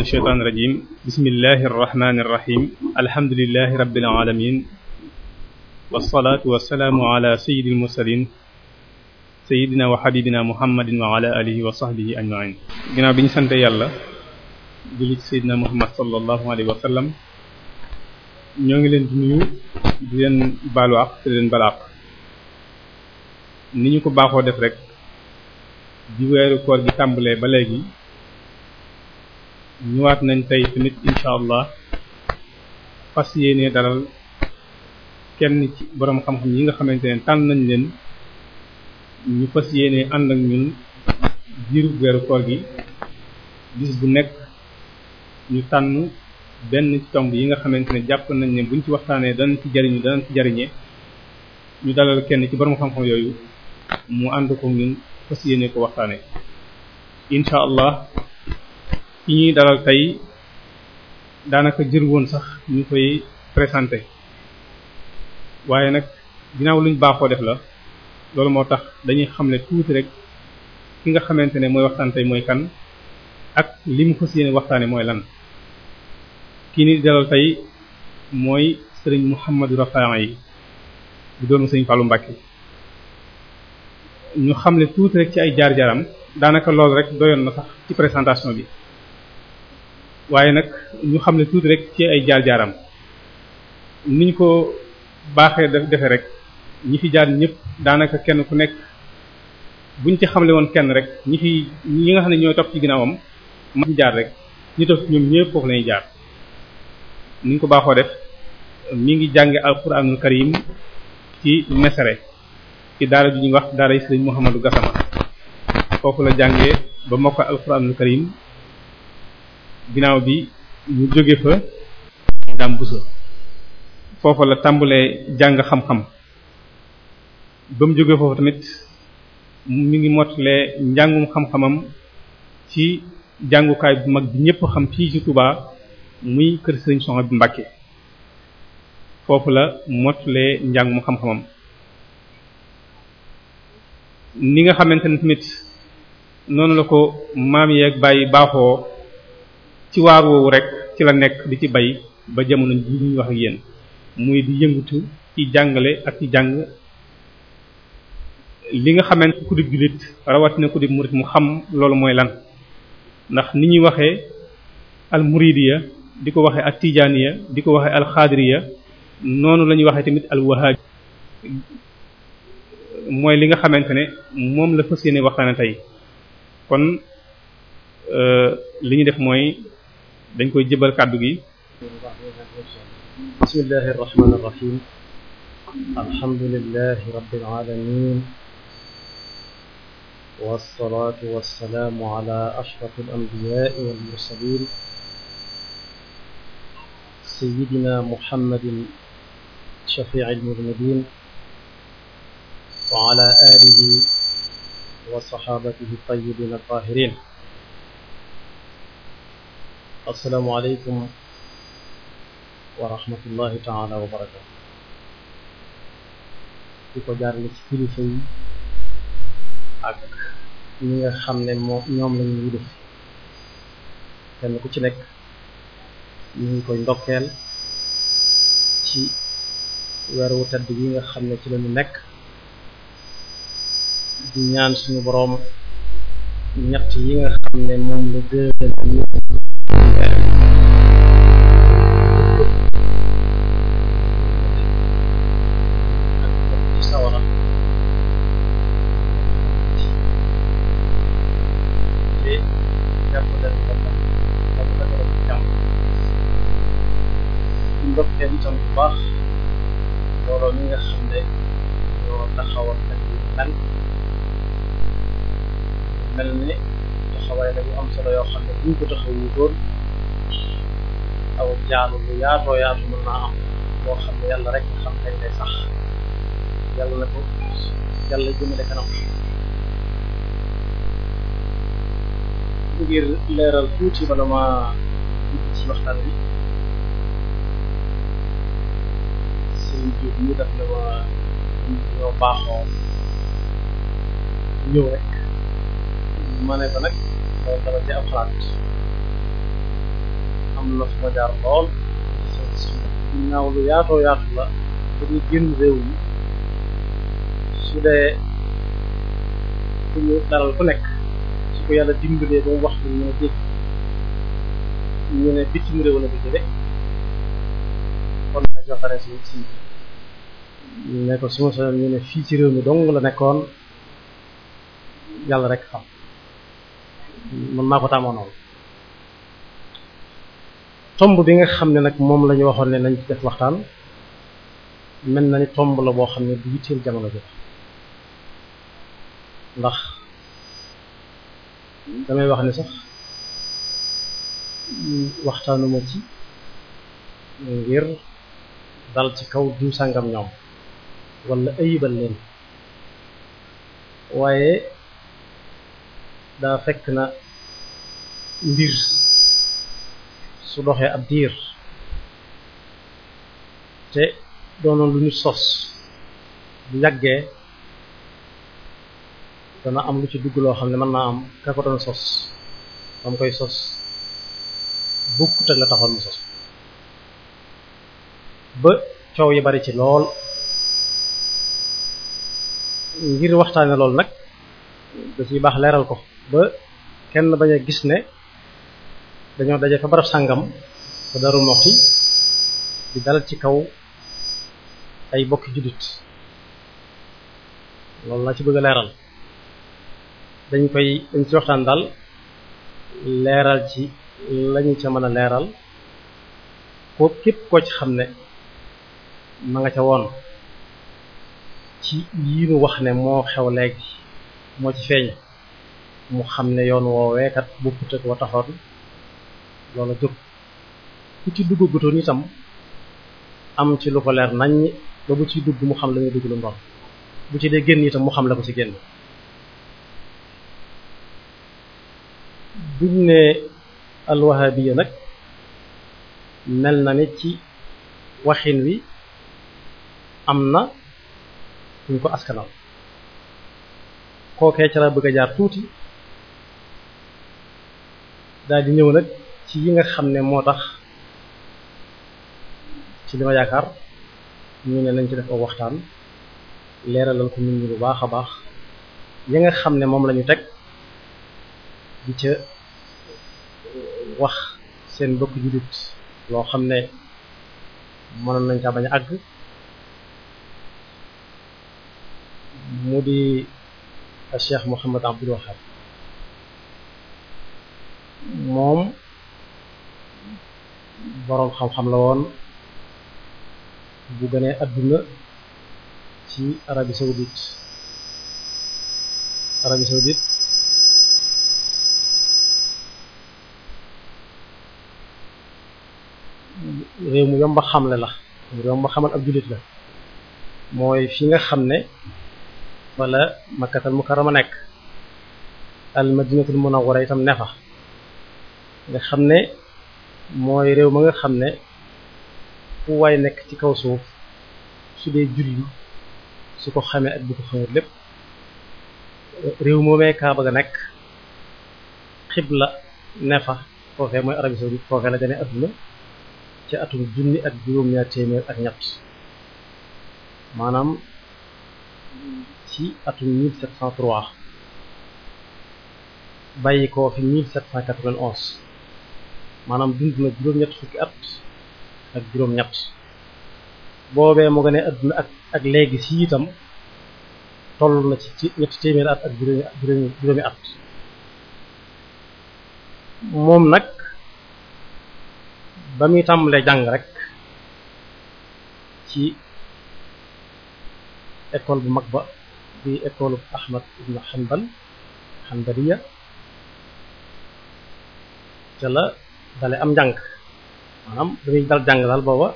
min asheytaan irajim bismillahi arrahmani irrahim alhamdulilahi bi ñu sante yàlla julli ci muhammad sallallahu alayhi wa ñoo ngi leen di nuyu ni ñu ko baaxoo def rek di weeru koor gi tàmbalee ba léegi waat nañ tey tamit incha allah fas yéene dalal kenn ci borom xam-xam yi nga xamante ne tànn nañ leen ñu fas yéene ànd ak ñun diiru weeru koor gi bis bu nekk ñu tànn benn ci tomb yi nga xamante ne jàpp nañ leen buñ ci waxtaanee danañ ci jariñu danañ ci jariñee ñu dalal kenn ci borom xam-xam yooyu mu ànd ko ñun fas yéene ko waxtaanee incha allah. yi ñuy dalal tey daanaka jër woon sax ñu koy présenté waaye nag ginnaaw luñ baaxoo def la loolu moo tax dañuy xamle tuuti rek ki nga xamante ne mooy waxtaan tey mooy kan ak li mu fas yéene waxtaane mooy lan kii ni dalal tey mooy sëriñ Mouhamadou Rafaay yi di doon sëriñ Fallou Mbacké ñu xamle tuuti rek ci ay jaar-jaaram daanaka loolu rek doyoon na sax ci présentation bi waaye nag ñu xam ne tuuti rek ci ay jaar-jaaram niñ ko baaxee defe rek ñi fi jaar ñépp daanaka kenn ku nekk buñ ci xamle woon kenn rek ñi fi ñi nga xam ne ñoo topp ci ginnaawam ma ci jaar rek ñu topp ñoom ñëpp foofu lañuy jaar niñ ko baaxoo def mi ngi jànge alquranul karim ci mesere ci daara ju ñuy wax daara yi sëriñ Mouhamadou Gassama foofu la jàngee ba mokk alquranul karim ginnaaw bi ñu jóge fa daam busa foofa la tàmbalee jàng xam-xam ba mu jógee foofu tamit mu ngi mottalee njàngum xam-xamam ci jàngukaay bu mag bi ñëpp xam fii ci Touba muy kër Serigne Soxna bi Mbàkke foofu la mottalee njàngum xam-xamam ni nga xamante ne tamit noonu la ko maam yeeg bàyyi baaxoo ci waar woowu rek ci la nekk di ci bay ba jamono ji ñuy wax ak yéen muy di yëngatu ci jàngale ak ci jàng li nga xamante ku jullit rawatina ku di murid mu xam loolu mooy lan ndax ni ñuy waxe al muridiya di ko waxee al ya di ko waxee al xaadiriya noonu la ñuy waxee tamit al wahaabi mooy li nga xamante ne moom la fas yéene waxtaane tey kon euh, li ñu def mooy dañ koy jëbal kàddu gi bismillahi arrahmani irrahim alhamdulilahi rabbil alamin wassalatu wassalamu ala ashraf alambiyai walmursalin sayidina muhammadin shafi'i almudnibin wa ala alihi wa sahabatihi tayyibin altahirin asalaamualeykum wa rahmatullahi taala wa barakatu di ko jaarale ci kilifa yi ak ñi nga xam ne ñoom la ñuy def kenn ku ci nekk ñu ngi koy ndokkeel ci weer wu tedd yi nga xam ne ci lañu nekk di ñaan suñu boroom ñett yi nga xam ne moom la gën a yaatoo yaatu mën naa am boo xam ne yàlla rek nga xam kañ lay sax yàlla na ko yàlla jëmale kanam ngir leeral tuuti bala ma dugg ci waxtaan bi seen jiw ñu def la ma ñoo baaxoo rek ma ne ko nag loolu dama ci am xalaat am na fu ma jaar lool ginnaaw lu yaatoo yaatu la te ñu génn réew mi su dee ku ñu daral ku nekk su ko yàlla dimbalee ba mu wax lu ñu dégg ñu ne bitim réew la ko jële kon na joxare si si ne ko suma sa ñu ne fii si réew mi dong la nekkoon yàlla rek xam man maa ko tàmmoonoon tomb bi nga xam ne nag moom la waxoon ne nañu ci def waxtaan mel na ni tomb la boo xam ne du yitteel jamono jot ndax damay wax ne sax waxtaanuma ci ngir dal ci kaw diw sàngam ñoom wala ayibal leen waaye daa fekk na mbir su doxee ab diir te doonoon lu ñu sos bu dana am lu ci dugg loo xam ne mën naa am ka sos dam koy sos bukkut ak la taxoon mu sos ba coow yi bari ci lool ngir waxtaane lool nag da ciy baax leeral ko ba kenn bañ a gis ne dañoo daje fa barab sàngam te Darou Moukhty di dal ci kaw ay bokki juddit loolu laa ci bëgg leeral dañ koy dañ ci waxtaan leeral ci lañu ca mën a leeral ko képp koo ci xam ne ma nga ca woon ci yi wax ne moo xew léegi moo ci feeñ mu xam ne yoon woo kat bokkut ak wa taxoon loola jóg ku ci dugg gutoon itam am ci lu ko leer naññ ba bu ci dugg mu xam la muy dugg lu mu bu ci dee génn itam mu xam la ko ci génn buñ ne alwahabiya nag mel na ni ci waxin wi am na ñu ko askanal kookee ca la bëgg a jaar tuuti daal di ñëw nag ci yi nga xam ne moo tax ci lima yaakaar ñu ne nañ ci def aw waxtaan leeralal ko nit ñi bu baax a baax yi nga xam ne moom lañu teg di ca wax seen bokk jullit loo xam ne mënoon nañ caa bañ a àgg mu di a Cheikh Mouhamed Abdoul Wahab moom boroom xam-xam la woon bu gënee adduna ci Arabie saoudite Arabie saoudite réew mu yomba xamle la mu yomba xamal ab jullit la mooy fi nga xam ne wala makkatal mukarrama nekk al madinatul munawwara itam ne fa nga xam ne mooy réew ma nga xam ne fu waay nekk ci kaw suuf su dee julli su ko xamee ak bu ko xamee lépp réew moomee Kaaba ga nekk xibla ne fa foofee mooy Arabie saoudite foofee la gane adduna ci atum junni ak juróom-ñaar téeméer ak ñett maanaam ci atum 1703 bàyyi koo fi 1791 maanaam dund na juróom-ñett fukki at ak juróom-ñett boobee mu gane adduna ak ak léegi si itam toll na ci ñetti téeméer at ak juróomi juróomi at moom nag ba muy tàmbalee jàng rek ci école bu mag ba di école Ahmad ibn Hanbal ca la dale am njàng maanaam dañuy dal jàng daal booba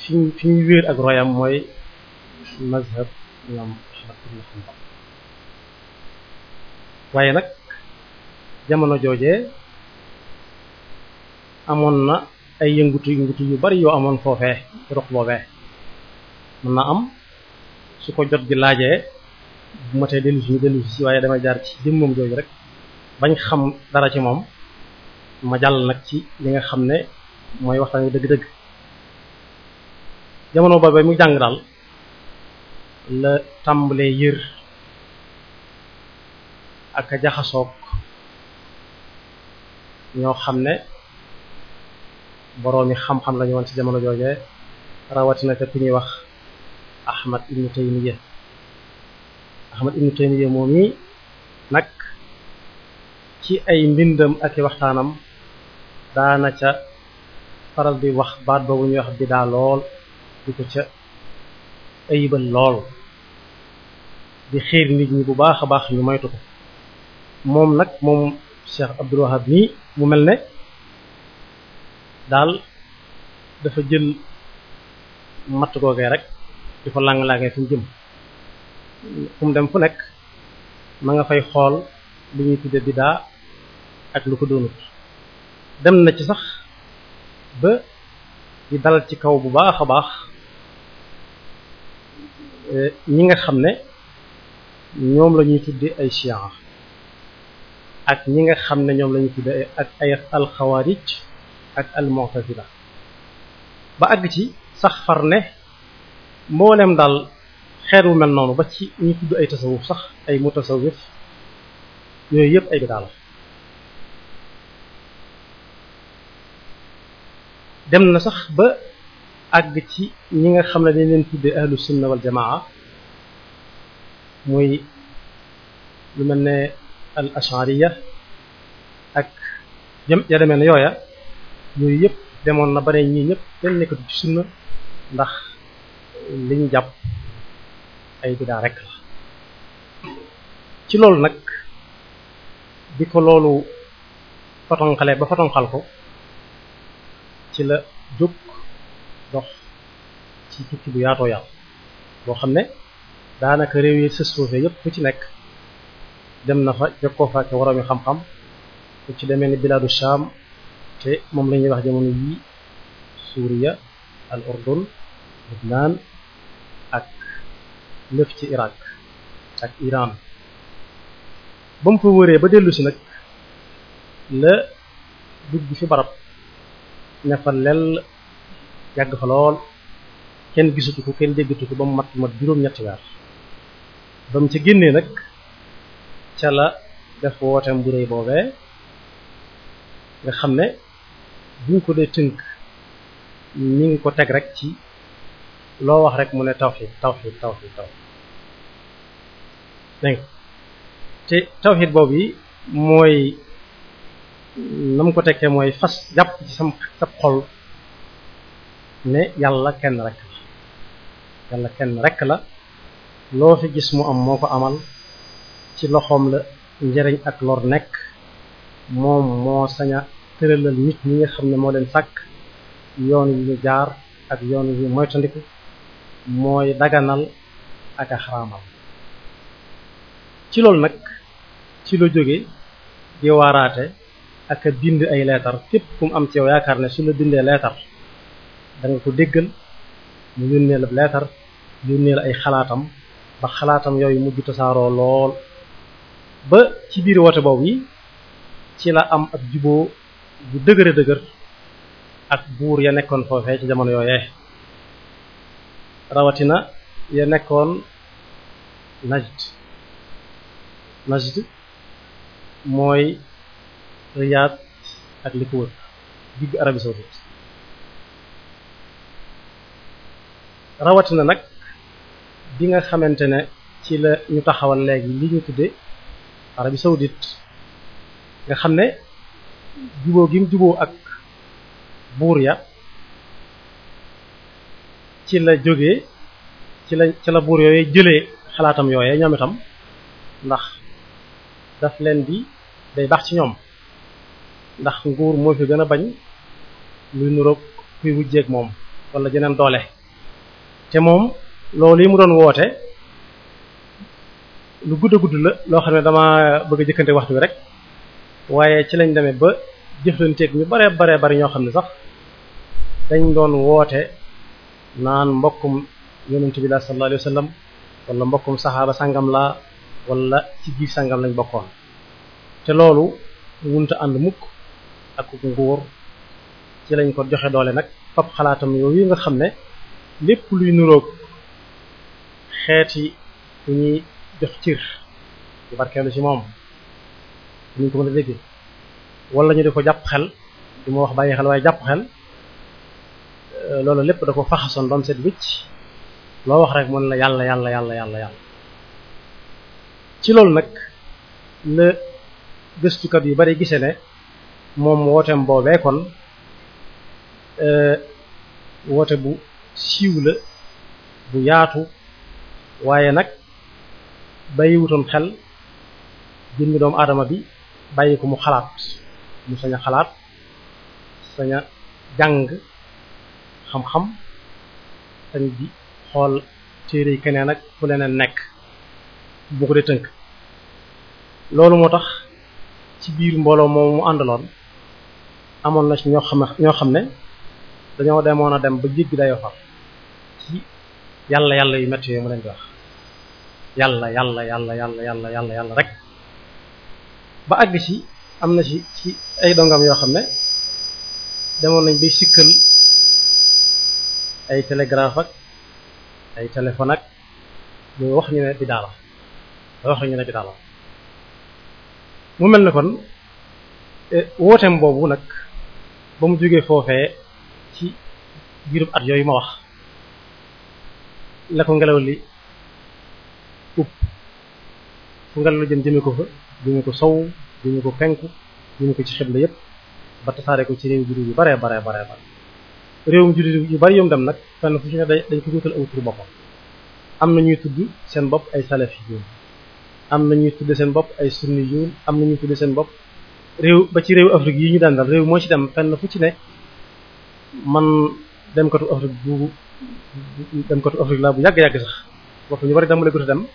fi ñu fi ñu wéer ak royam mooy mazhab ñoom Ahmad ibn Hanbal waaye nag jamono jooje amoon na ay yëngutu yëngutu yu bari yoo amoon foofee ci ruq boobee na am su ko jot gi laajee bu matee mu ñu dellusi si waaye dama jaar ci jëmmam jooju rek bañ xam dara ci moom ma jàll nag ci li nga xam ne mooy waxtaan wi dëgg-dëgg jamono ba ba mu jàng daal la tàmbalee yër ak a jaxasoog ñoo xam ne boroomi xam-xam lañu woon ci jamono joojee rawatina te ku ñuy wax Ahmad ibnu Taymiya Ahmad ibnu Taymiya moom yi nag ci ay mbindam ak i waxtaanam daana ca faral bi wax baat boobu ñuy wax bidaa lool di ko ca ayibal lool di xiir nit ñi bu baax a baax ñu moytu ko moom nag moom Cheikh Abdul Wahab nii mu mel ne daal dafa jël matt googee rek di ko lang-langee fi mu jëm fu dem fu nekk ma nga fay xool li ñuy tudde bidaa ak lu ko doonut dem na ci sax ba di dal ci kaw bu baax a baax eh, ñi nga xam ne ñoom la ñuy tudde ay chia ak ñi nga xam ne ñoom la ñuy tudde ak ay alxawaarij ak almutazila ba àgg ci sax far ne mboolem daal xeet wu mel noonu ba ci ñu tudd ay tasawuf sax ay mutasawif yooyu yëpp ay bidaa la dem na sax ba àgg ci ñi nga xam ne dañ leen tuddee ahlu sunna wal jamaa muy lu mel ne al ya ak jëm ya demee ne yooya yooyu yëpp demoon na bare ñii ñëpp kenn nekkatu ci sunna ndax li jàpp ay bidaa rek la ci loolu nag bi ko loolu fatonxale ba fatonxal ko ci la jóg dox ci tukki bu yaatoo yaatu boo xam ne daanaka réew yi sës foofe yépp ku ci nekk dem na fa jokkoo fa ak waroomi xam-xam ku ci demee ni bilaadu Sham te moom lañuy wax jamono yii Suuriya al Urdun Lubnaan ak lëf ci Irak ak Iran ba mu fa wëree ba dellusi nag la dugg fi barab ne fa lell yàgg fa lool kenn gisatu ko kenn déggatu ko ba mu mat mat juróom-ñetti weer ba mu ca génnee nag ca la def wooteem bu réy boobee nga xam ne buñ ko dee tënk ñu ngi ko teg rek ci loo wax rek mu ne tawxiid tawxiid tawxiid tawxiid dégg te tawxiid boobu yi mooy na ko tekkee mooy fas jàpp ci sam sab xol ne yàlla kenn rek la yàlla kenn rek la loo fi gis mu am moo ko amal ci loxoom la njëriñ ak lor nekk moom moo saña a tëralal nit ñi nga xam ne moo leen sàkk yoon yu ñu jaar ak yoon yu moytandiku mooy daganal ak a xaraamal ci loolu nag ci la jóge di waaraate ak a bind ay leetar képp kum am ci yow yaakaar ne su la bindee leetar da ko déggal mu yónnee la leetar yónnee la ay xalaatam ba xalaatam yooyu mujj tasaaroo lool ba ci biir wote boobu yi ci la am ak juboo bu dëgëre dëgër ak buur ya nekkoon foofee ci jamono yooyee rawatina ya nekkoon najd najd mooy Riyad ak li ko digg Arabie saoudite rawatina nag bi nga xamante ne ci la ñu taxawal léegi li ñu tuddee Arabie saoudite nga xam ne juboo gi mu juboo ak buur ya ci la jóge ci la ci la buur yooy jëlee xalaatam yooyee ñoom itam ndax daf leen di day baax ci ñoom ndax nguur moo fi gën a bañ luy nuroog kuy wujjeeg moom wala jeneen doole te moom loolu yi mu doon woote lu gudd gudd la loo xam ne dama bëgg a jëkkante waxtu bi rek waaye ci lañ demee ba jëflanteeg ñu bare bare bari ñoo xam ne sax dañ doon woote naan mbokkum yonent bi laa sallallahu alayhi wasallam wala mbokkum saxaaba sangam laa wala ci biir sangam lañ bokkoon te loolu munta ànd mukk ak nguur ci lañ ko joxe doole nag fab xalaatam yooyu nga xam ne lépp luy nuroog xeeti bu ñuy jox cir di barkeelu ci moom ñu ko mën a déggee wala ñu di ko jàpp xel du wax bàyyi xel waaye jàpp xel euh, loolu lépp da ko faxasoon ba mu set wicc loo wax rek mën la yàlla yàlla yàlla yàlla yàlla ci loolu nag la gëstukat yu bare gisee ne moom wooteem boobee kon e, woote bu siiw la bu yaatu waaye nag bàyyiwutoon xel jëmmi doomu aadama bi bàyyi ko mu xalaat mu sañ xalaat sañ jàng xam-xam sañ di xool téere yi keneen ak fu leneen nekk bu ko dee tënk loolu moo tax ci biir mbooloo moomu mu àndaloon amoon na ci ñoo xam ñoo xam ne dañoo demoon a dem ba jéggi dayoo far ci yàlla yàlla yàlla yàlla yàlla yàlla yàlla rek ba àgg ci am na ci ci ay dongam yoo xam ne demoon nañ bay sikkal ay télégraphe ak ay téléphone ak ñu wax ñu ne bi daala wax ñu ne bi mu mel ne kon eh, wooteem boobu nag ba mu jógee foofee ci biirub at yooyu ma wax la ko ngelaw li upp fu ngelaw la jëm jëme ko fa jëme ko sow jëme ko penku jëme ko ci xibla yépp ba tasaare ko ci réew jullit yu bare bare bare bare réewum jullit yu bari yom dem nag fenn fu ci ne dañ ko wutal aw tur boppam am na ñuy tudd seen bopp ay salafiyuun am na ñuy seen bopp ay sunniyuun am na ñuy tudd seen bopp réew ba ci réew Afrique yi ñu daan dal réew moo ci dem fenn fu ci ne man dem katu Afrique bu dem katu Afrique laa bu yàgg-yàgg sax waxtu ñu bari dama léegi dem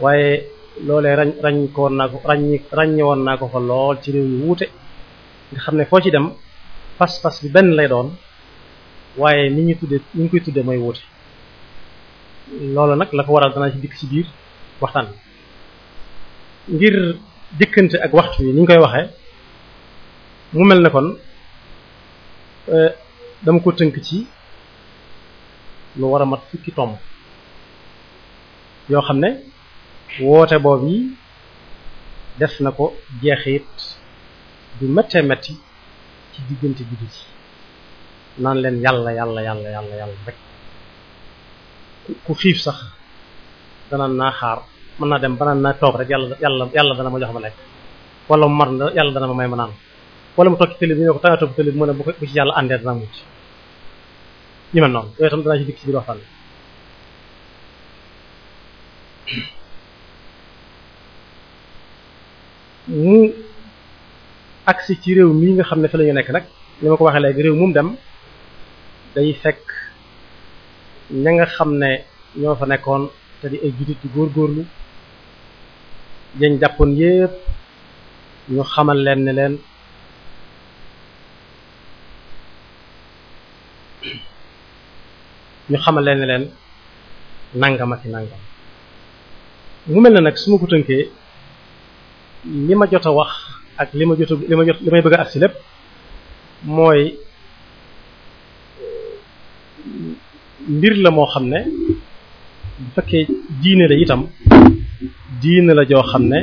waaye loolee rañ rañ ko woon naa ko rañ ràññe woon naa ko ko lool ci réew yu wuute nga xam ne foo ci dem pas-pas bi benn lay doon waaye ni ñu tuddee ni ñu koy tuddee mooy wuute loolu nag la ko waral danaa ci dikk ci biir waxtaan ngir jëkkante ak waxtu yi ni koy waxe mu mel ne kon euh, dama ko tënk ci lu war a mat fukki tomb yoo xam ne woote boobu yi def na ko jeexit du méttee métti ci diggante juddi ci naan leen yàlla yàlla yàlla yàlla yàlla rek ku xiif sax danaan naa xaar mën naa dem banaan naa toog rek yàlla yàlla yàlla dana ma jox ma lekk wala mu mar na yàlla dana ma may ma naan wala mu toog ci télé bi ñu ko ci réew mii nga xam ne fi la nekk nag li ma ko waxee léegi réew mu mu dem day fekk ña nga xam ne ñoo fa nekkoon te di ay judit góor góorgóorlu yañ jàppoon yépp ñu xamal leen ne leen ñu xamal leen ne leen nangam mu mel na nag suma ko tënkee li ma jot a wax ak li ma jot a li ma jot li may bëgg a agsi lépp mooy mbir la moo xam ne bu fekkee diine la itam diine la joo xam ne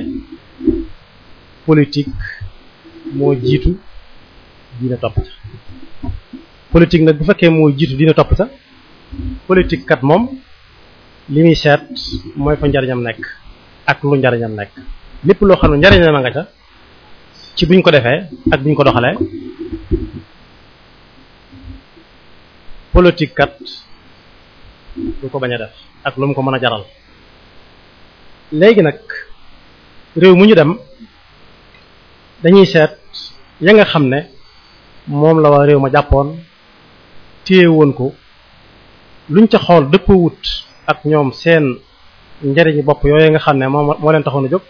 politik moo jiitu diine topp ca politique nag bu fekkee moo jiitu dina topp ca politique kat moom li muy seet mooy fa njariñam nekk ak lu njariñam nekk lépp loo xam ne njariñam a nga ca ci buñ ko defee ak buñ ko doxalee politique kat lu ko bañ a def ak lu mu ko mën a jaral léegi nag réew mu ñu dem dañuy seet ya nga xam ne moom la waa réew ma jàppoon téye woon ko luñ ca xool dëppoo ak ñoom seen njariñ bopp yooyu nga xam ne moom moo leen taxoon a jóg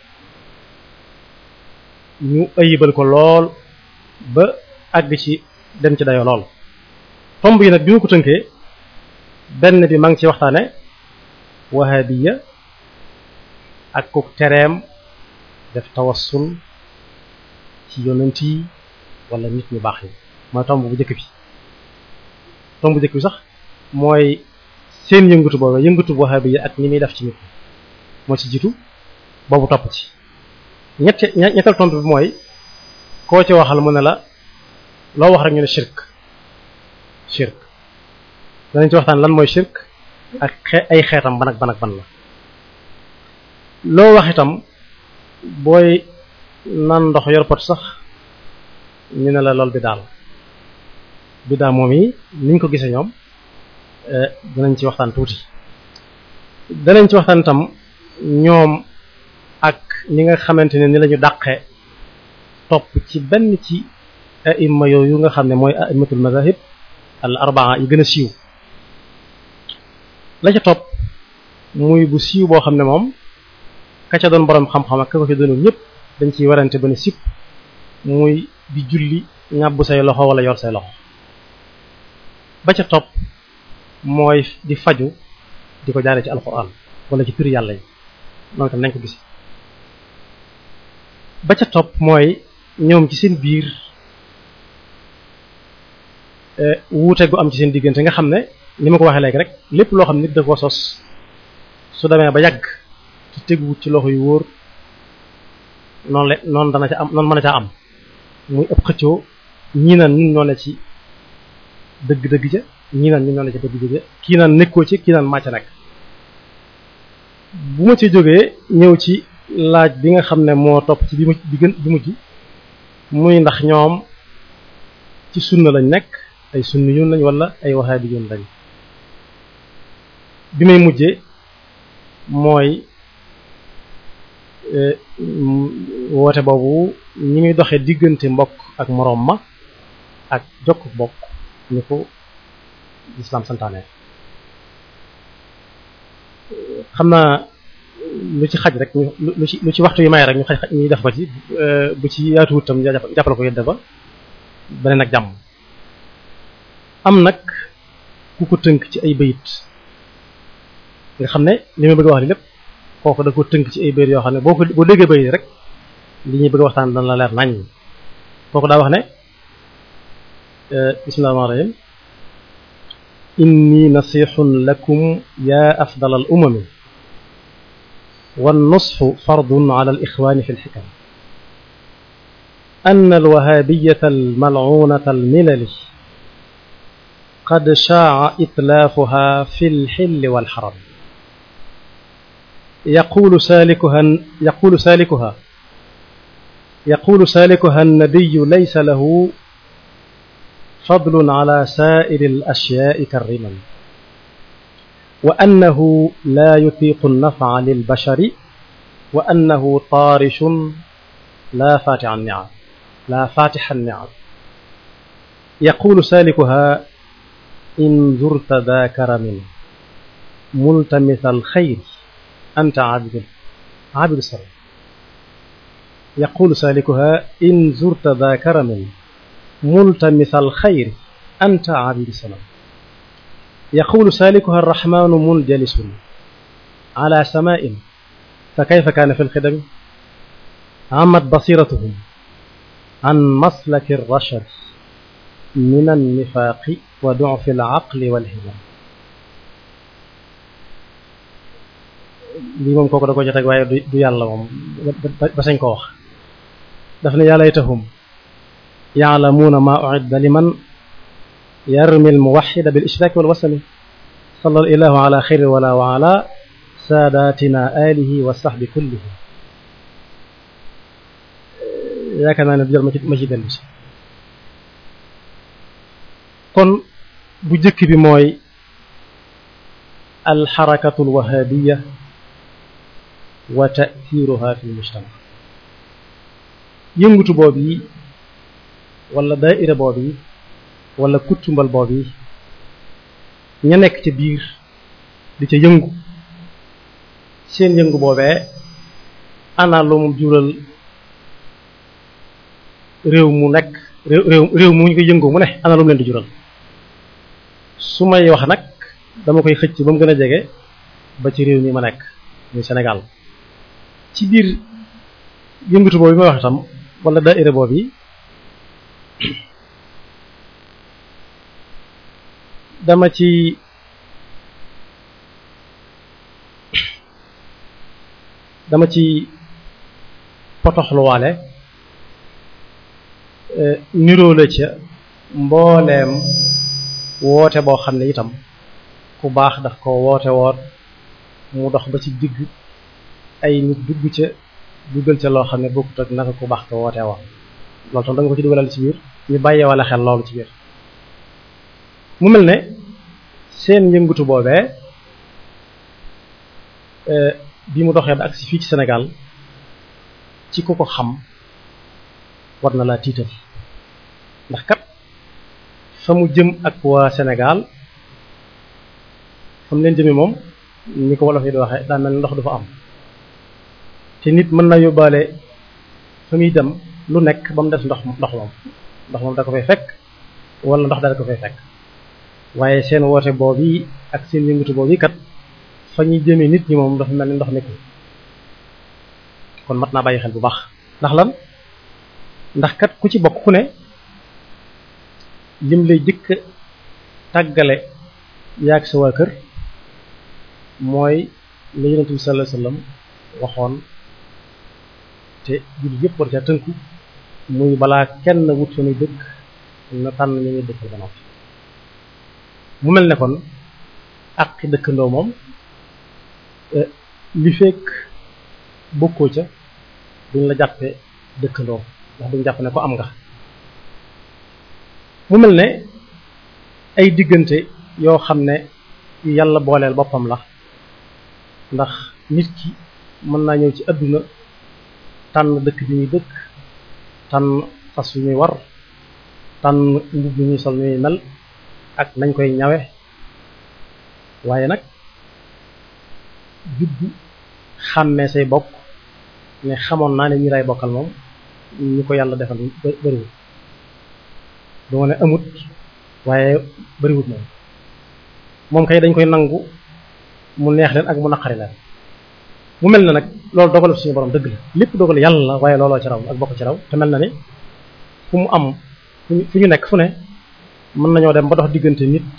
ñu ayibal ko lool ba àgg ci dem ci dayo lool tomb yi nag bi ma ko tënkee benn bi ma ngi ci waxtaane wahabiya ak kook tereem def tawassul ci yonent yi wala nit ñu baax yi mooy tomb bu njëkk bi tomb bu njëkk bi sax mooy seen yëngatu boobu yëngatu wahabi yi ak ni muy def ci nit moo ci jiitu boobu topp ci ñett ñettal tomb bi mooy koo ci waxal mu ne la loo wax rek ñu ne shirk shirk danañ ci waxtaan lan mooy shirk ak ay xeetam ban ak ban la loo wax itam booy naan ndox yorpot sax ñu ne la lool bi daal bi moom yi niñ ko gisee ñoom eh, danañ ci waxtaan tuuti danañ ci waxtaan itam ñoom ak ñi nga xamante ne ni lañu dàqe topp ci benn ci aima yooyu nga xam ne mooy aimatul mazahib al arbaa yi gën siiw la ca topp muy bu siiw boo xam ne moom ka ca doon borom xam-xam ak ka ko ca doonul ñëpp dañ ciy warante ba ne sip muy di julli ŋàbb say loxo wala yor say loxo ba ca topp mooy di faju di ko jaaree ci alxuraan wala ci tur yàlla yi loolu tam nañ ko gis ba ca topp mooy ñoom ci seen biir e, wute gu am ci seen diggante nga xam ne ni ma ko waxee léegi rek lépp loo xam nit da ko sos su demee ba yàgg teguwut ci loxo yu wóor noonu la noonu dana ca am noonu mën na am muy ëpp xëccoo ñii naan ñun ñoo ci dëgg-dëgg ja ñii naan ñun ñoo kii naan nekkoo ci kii naan màcca nekk bu ma ci jógee ñëw ci laaj bi nga xam ne moo topp ci bi mu bi gën mujj muy ndax ñoom ci sunna lañ nekk ay sunni yoon lañ wala ay waxaabi yoon lañ bi may mujjee mooy Eh, woote boobu ñi muy doxee diggante mbokk ak moroom ma ak jokk bokk ñu ko lislaam santaane xam naa lu ci xaj rek lu ci lu ci waxtu yi may rek ñu xaj ñu def ko ci eh, bu ci yaatuwut tam jàppal ko yedda ba beneen ak jàmm am nag ku ko tënk ci ay bayit nga xam ne li ma bëgg a wax lépp foofu da ko tënk ci ay béer yoo xam ne boo ko boo déggee béy rek li ñuy bëgg waxtaan dana la leer nañ foofu daa wax ne euh, bismillahi rahmaani rahim inni nasixun lakum ya al umami والنصح فرض على الإخوان في الحكم أن الوهابية الملعونة الملل قد يقول سالكها يقول سالكها يقول سالكها الندي ليس له فضل على سائر الأشياء كالرمم وأنه لا يطيق النفع للبشر وأنه طارش لا فاتح النعم لا فاتح النعم يقول سالكها إن زرت ذا كرم ملتمس الخير أنت عابد عابد الصلاة يقول سالكها إن زرت ذا كرم ملتمس الخير أنت عابد الصلاة يقول سالكها الرحمن منجلس على سماء فكيف كان في الخدم عمت بصيرتهم عن مسلك الرشد من النفاق وضعف العقل والهمم lii moom kooku da ko jot ak waaye du yàlla moom ba sañ ko wax daf ne yàllay taxum yaalamuuna maa uidda liman yarmi almuwaxida bil ishraaki wal wasali sala ilahu ala xayri wala wa ala saadatina alihi wa sahbi kullihi yaakaar naa ne du jël ma ci ma ci dellu si kon bu jëkk bi mooy alxarakatu wa ta'thiruha fi mujtama yëngutu boobu yi wala daaira boobu yi wala kuttumbal boobu yi ña nekk ca biir di ca yëngu seen yëngu boobee ana jural réew mu nekk réew réew mu ñu ko yëngoo mu ne ana leen di jural su may wax nag dama koy xëcc ba mu gën a jege ba ci réew mi ma nekk muy Sénégal ci biir yëngatu boobu may wax itam wala daaira boobu yi dama ci dama ci potoxluwaale e, niroo ca mbooleem woote boo xam ne itam ku baax daf ko woote woon mu dox ba ci digg ay nit dugg ca duggal ca loo xam ne bokkut ak naka ku baax ko wootee woon loolu tam da nga ko ci dugalal biir ñu bàyyee wala xel loolu ci biir mu mel ne seen yëngutu boobee euh, bi mu doxee ba ak si fii ci senegal ci ku ko xam war na laa tiital ndax kat fa mu jëm ak waa Sénégal xam leen jëme moom ni ko wolof yi di waxee daa mel ne ndox du fa am te nit mën na yóbbaale fa muy dem lu nekk ba mu des ndox ndox moom ndox moom da ko fay fekk wala ndox dal ko fay fekk waaye seen woote boobu yi ak seen yëngatu boobu yi kat fa ñuy jëmee nit ñi moom dafa mel ni ndox nekk kon mat naa bàyyi xel bu baax ndax lan ndax kat ku ci bokk ku ne lim lay jëkk tàggale yaag sa waa kër mooy la yonent bi waxoon te jullit yëpp war caa tënku muy balaa kenn wut fa dëkk na tànn ñu ñuy dëkkal ba mu mel ne kon ak dëkkandoo moom e, li fekk bokkoo ca duñ la jàppe dëkkandoo ndax duñ jàpp ne ko am nga mu mel ne ay diggante yoo xam ne yàlla booleel boppam la ndax nit ki mën naa ñëw ci adduna tànn dëkk bi ñuy dëkk tànn fas yu ñuy war tànn mbub bi ñuy sol ñuy mel ak nañ koy ñawe waaye nag juddu xàmmee say bokk ne xamoon naa ne ñi lay bokkal moom ñu ko yàlla defal bëriwul du ma ne amut waaye bëriwut moom moom kay dañ koy nangu mu neex leen ak mu naqari leen mu mel na nag loolu dogalu suñu borom dëgg la lépp dogalu yàlla la waaye looloo ci raw ak bokk ci raw te mel na ni fu mu am fu ñu nekk fu ne mën nañoo dem ba dox diggante nit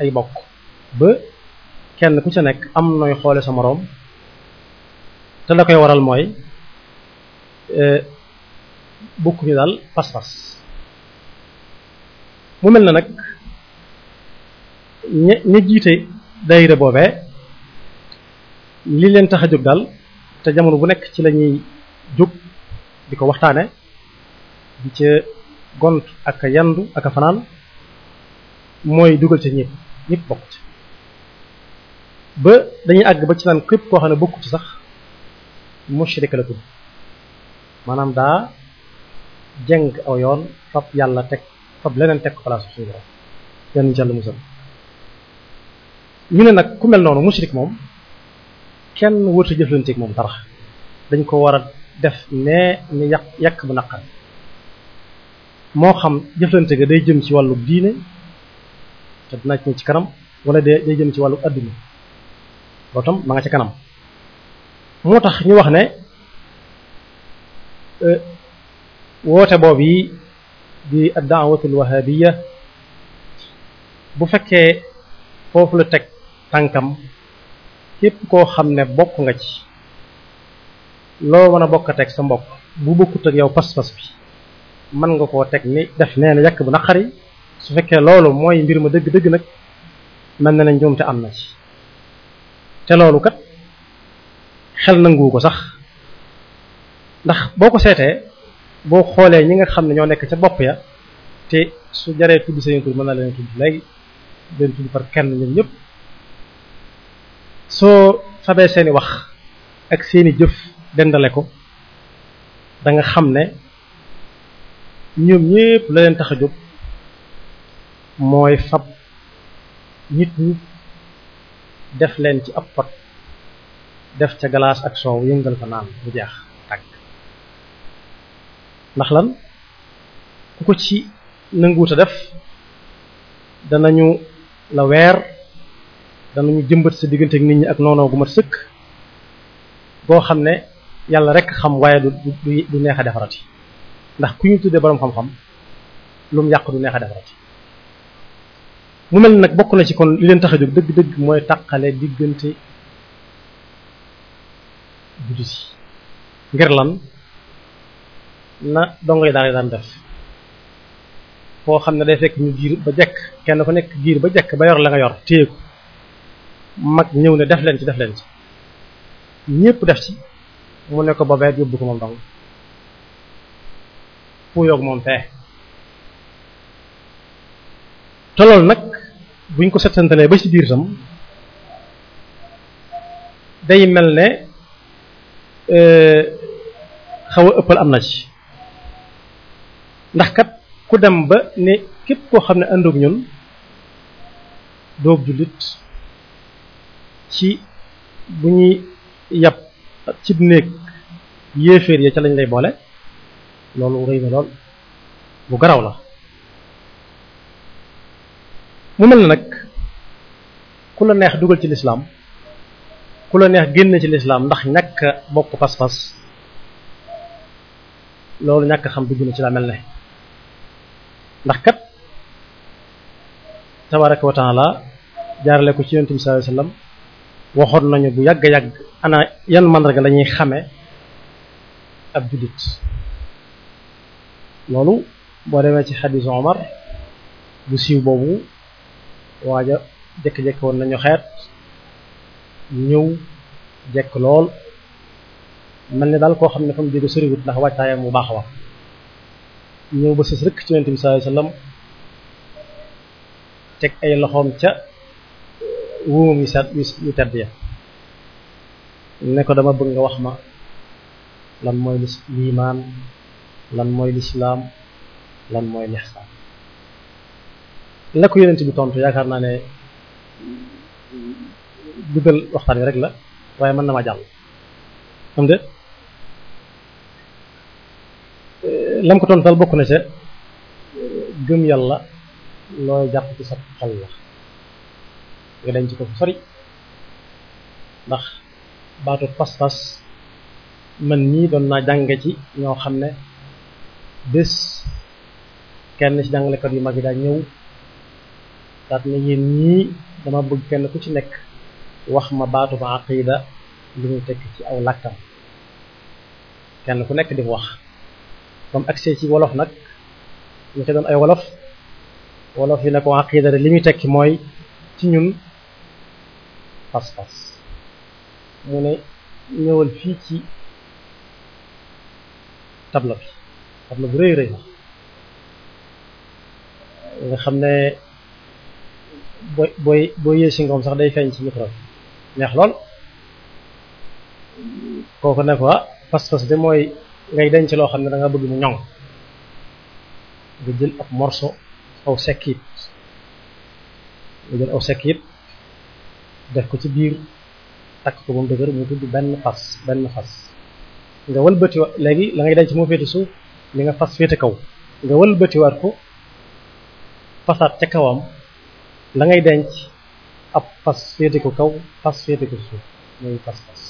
ay bokk ba kenn ku ca nekk am nooy xoole sa moroom te la koy waral mooy e, bokkuñu daal pas-pas mu mel na nag ña ña jiite daayira boobee lii leen tax a jóg daal te jamono bu nekk ci lañuy jóg di ko waxtaane di ca gont ak a yandu ak fanaan mooy dugal ci ñëpp ñëpp bokk ba dañuy àgg ba ci naan képp koo xam ne bokku sax mushrik la tudd maanaam daa jeng aw yoon fab yàlla teg fab leneen teg ko place suñu borom yan jàll musal ñu ne nag ku mel noonu mushrik moom kenn wërta jëflanteeg moom dara dañ ko war a def ne ni yàq bu naqar moo xam jëflante ga day jëm ci wàllu diine te dinaa ci ci kanam wala day jëm ci wàllu adduna loo tam ma nga ca kanam moo tax ñu wax ne e, woote boob yi di ad-da'watul bu fekkee foofu la teg tànkam képp koo xam ne bokk nga ci loo mën a bokkateeg sa mbokk bu bokkut ak yow pas-pas bi mën nga koo teg ni def nee na yàq bu naqari su fekkee loolu mooy mbir ma dëgg-dëgg nag mel na ne njuumte am na ci te loolu kat xel nanguwu ko sax ndax boo ko seetee boo xoolee ñi nga xam ne ñoo nekk ca bopp ya te su jaree tudd seen tur mën na leen tudd léegi leen tudd par kenn ñoom ñëpp soo fabee seeni wax ak seeni jëf dendale ko da nga xam ne ñoom ñépp la leen tax a jóg mooy fab nit ñi def leen ci ab pot def ca glace ak soow yëngal ko naan bu jeex tàkk ndax lan ku ko ci nanguuta def danañu la weer dana danañu jëmbat sa diggante ak nit ñi ak noonoo gu mat sëkk boo xam ne yàlla rek xam waaye du du du neex a defarati ndax ku ñu tuddee borom xam-xam lu mu yàq du neex a mu mel nag bokk na ci kon li leen tax a jóg dëgg-dëgg mooy taqale diggante guddi si ngir lan na dongoy daal daan def foo xam ne day fekk ñu giir ba jekk kenn ku nekk giir ba jekk ba yor la nga yor téye ko mag ñëw ne def leen ci def leen ci ñépp def ci mu ne ko ba beet yóbbu ko moom dong puuyoog moom fee te loolu nag buñ ko settantalee ba ci biir sam day mel ne euh, xaw a ëppal am na ci ndax kat ku dem ba ne képp koo xam ne àndoog ñun doob jullit ci bu ñuy yàpp ci néeg yéeféer ya ca lañ lay boole loolu rëy na lool bu garaw la mu mel na nag ku la neex dugal ci lislaam ku la neex génn ci lislaam ndax ñàkk bokk pas-pas loolu ñàkk xam dugg na ci la mel ne ndax kat tabaraka wa taala jaarale ko ci yonent bi sallallahu alayhi wasallam waxoon nañu bu yàgg yàgg ana yan mandarga lañuy ñuy xamee ab jullit loolu boo demee ci xadisu Omar bu siiw boobu waaja jékki-jékki woon nañu xeet ñëw jekk lool mel ni daal koo xam ne fa mu jóge soriwut ndax wàccaayam bu baax wax ñëw ba sës rëkk ci yonent bi sallallahu alayhi teg ay loxoom ca wóom yu set yu tedd ya ne ko dama bëgg nga wax ma lan mooy liimaan lan mooy lislaam lan mooy lixsaan la ko yonent bi tontu yaakaar naa ne dugal waxtaan wi rek la waaye mën na ma jàll am de euh, lam ko tontal bokk na ca gëm yàlla looy jàpp ci sa xol la nga denc ko ndax baatu pas-pas man ñii doon naa jànge ci ñoo xam ne bés kenn ci jàngalekat yu mag yi daa ñëw daat ne yéen ñii dama bëgg kenn ku ci nekk wax ma baatu ba aqida li ñu tekk ci aw làkkam kenn ku nekk di wax comme accès ci wolof nag ñu ci doon ay wolof wolof yi ne ko aqida de limuy tekki mooy ci ñun pas-pas mu ne ñëwal fii ci tabla bi tabla bu rëy rëy la nga xam ne booy booy booy yëy si ngoom sax day feeñ ci micro bi neex lool kooku ne ko ah, pas-pas de mooy ngay denc loo xam ne da bëgg mu ñoŋ nga jël ab morso aw sekk it nga jël aw sekk it def ko ci biir takk ko ba mu dëgër mu tudd benn fas benn fas nga wëlbatiwaat léegi la ngay denc moo féete suuf li nga fas féete kaw nga walbati wëlbatiwaat ko fasaat ca kawam la ngay denc ab fas féete ko kaw fas féete ko suuf mooy fas fas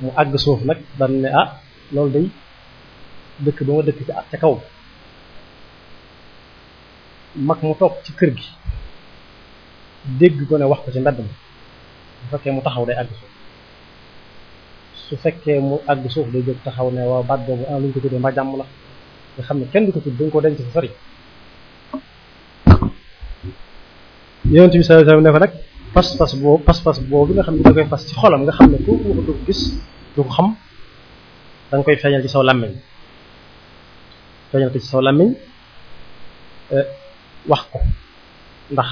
mu àgg suuf nag daan ne ah loolu day dëkk ba ma dëkk ci ca kaw mag mu toog ci kër gi dégg ko ne wax ko ci mbedd mi bu fekkee mu taxaw day àgg suuf su fekkee mu àgg suuf day jóg taxaw ne waaw baat boobu ah lu ñu ko tuddee mbaa jàmm la nga xam ne kenn du ko tudd dañ ko denc fu sori yonent bi sallallahu alayhi wasallam ne ko nag pas-pas nga xam ne da koy fas nga xam ne ku mu ko du gis du ko xam da koy feeñal ci saw làmmiñ feeñal ko ci saw làmmiñ eh, wax ko ndax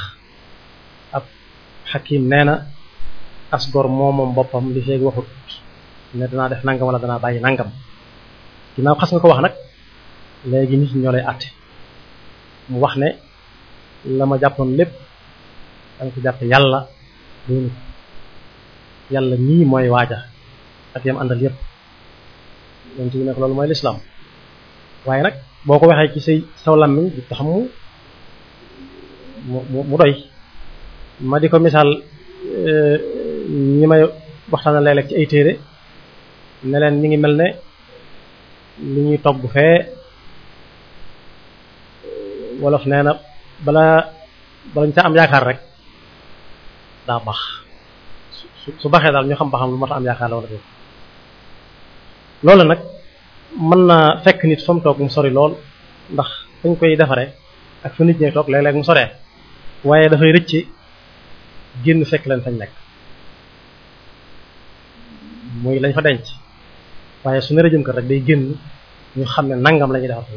xakim nee na as gor moo moom boppam li feeg waxut ne danaa def nangam wala danaa bàyyi nangam ginnaaw xas nga ko wax nag léegi nit ñoo lay àtte mu wax ne la ma jàppoon lépp danga ko jàpp yàlla doonu yàlla nii mooy waaja ak yam àndal yépp yonent bi ne ko loolu mooy lislaam waaye nag boo ko waxee ci say saw lammiñ du mu mu mu doy ma di ko misaal euh, ñi may waxtaana léeg-léeg ci ay téere ne leen mi ngi mel ne li ñuy togg fee euh, wolof nee na balaa bala ñu sa am yaakaar rek daa bax su su baxee daal ñu xam ba xam lu mat a am yaakaar la wala dé loolu nag mën naa fekk nit fa mu toog mu sori lool ndax fañ koy defaree ak fa nit ñi toog léeg-léeg mu soree waaye dafay rëcc génn fekk leen fañ nekk muy lañ fa denc waaye su nar a jëm kër rek day génn ñu xam ne nangam la ñuy defar fa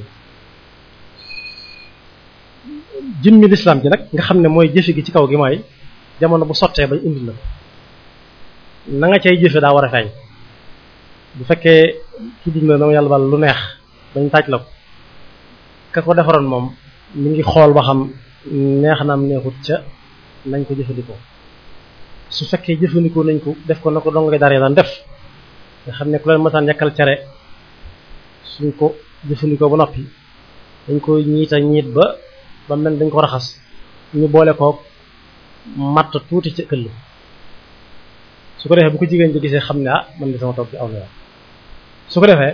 jëmmi lislaam ji nag nga xam ne mooy jëfe gi ci kaw gi mooy jamono bu sottee bañ indi la na nga cay jëfe daa war a feeñ bu fekkee tudd na dama yàlla bal lu neex bañ taaj la ko ka ko defaroon moom mu ngi xool ba xam neex na am neexut ca nañ ko jëfandikoo su fekkee jëfandikoo nañ ko def ko na ko dong dara daan def nga xam ne ku leen masaan yakkal cere suñ ko jëfandikoo ba noppi dañ koy ñiita ñiit ba ba mel dañ ko raxas ñu boole koog matt tuuti ci këll su ko defee bu ko jigéen ji gisee xam ne ah man de sama toog bi aw na su ko defee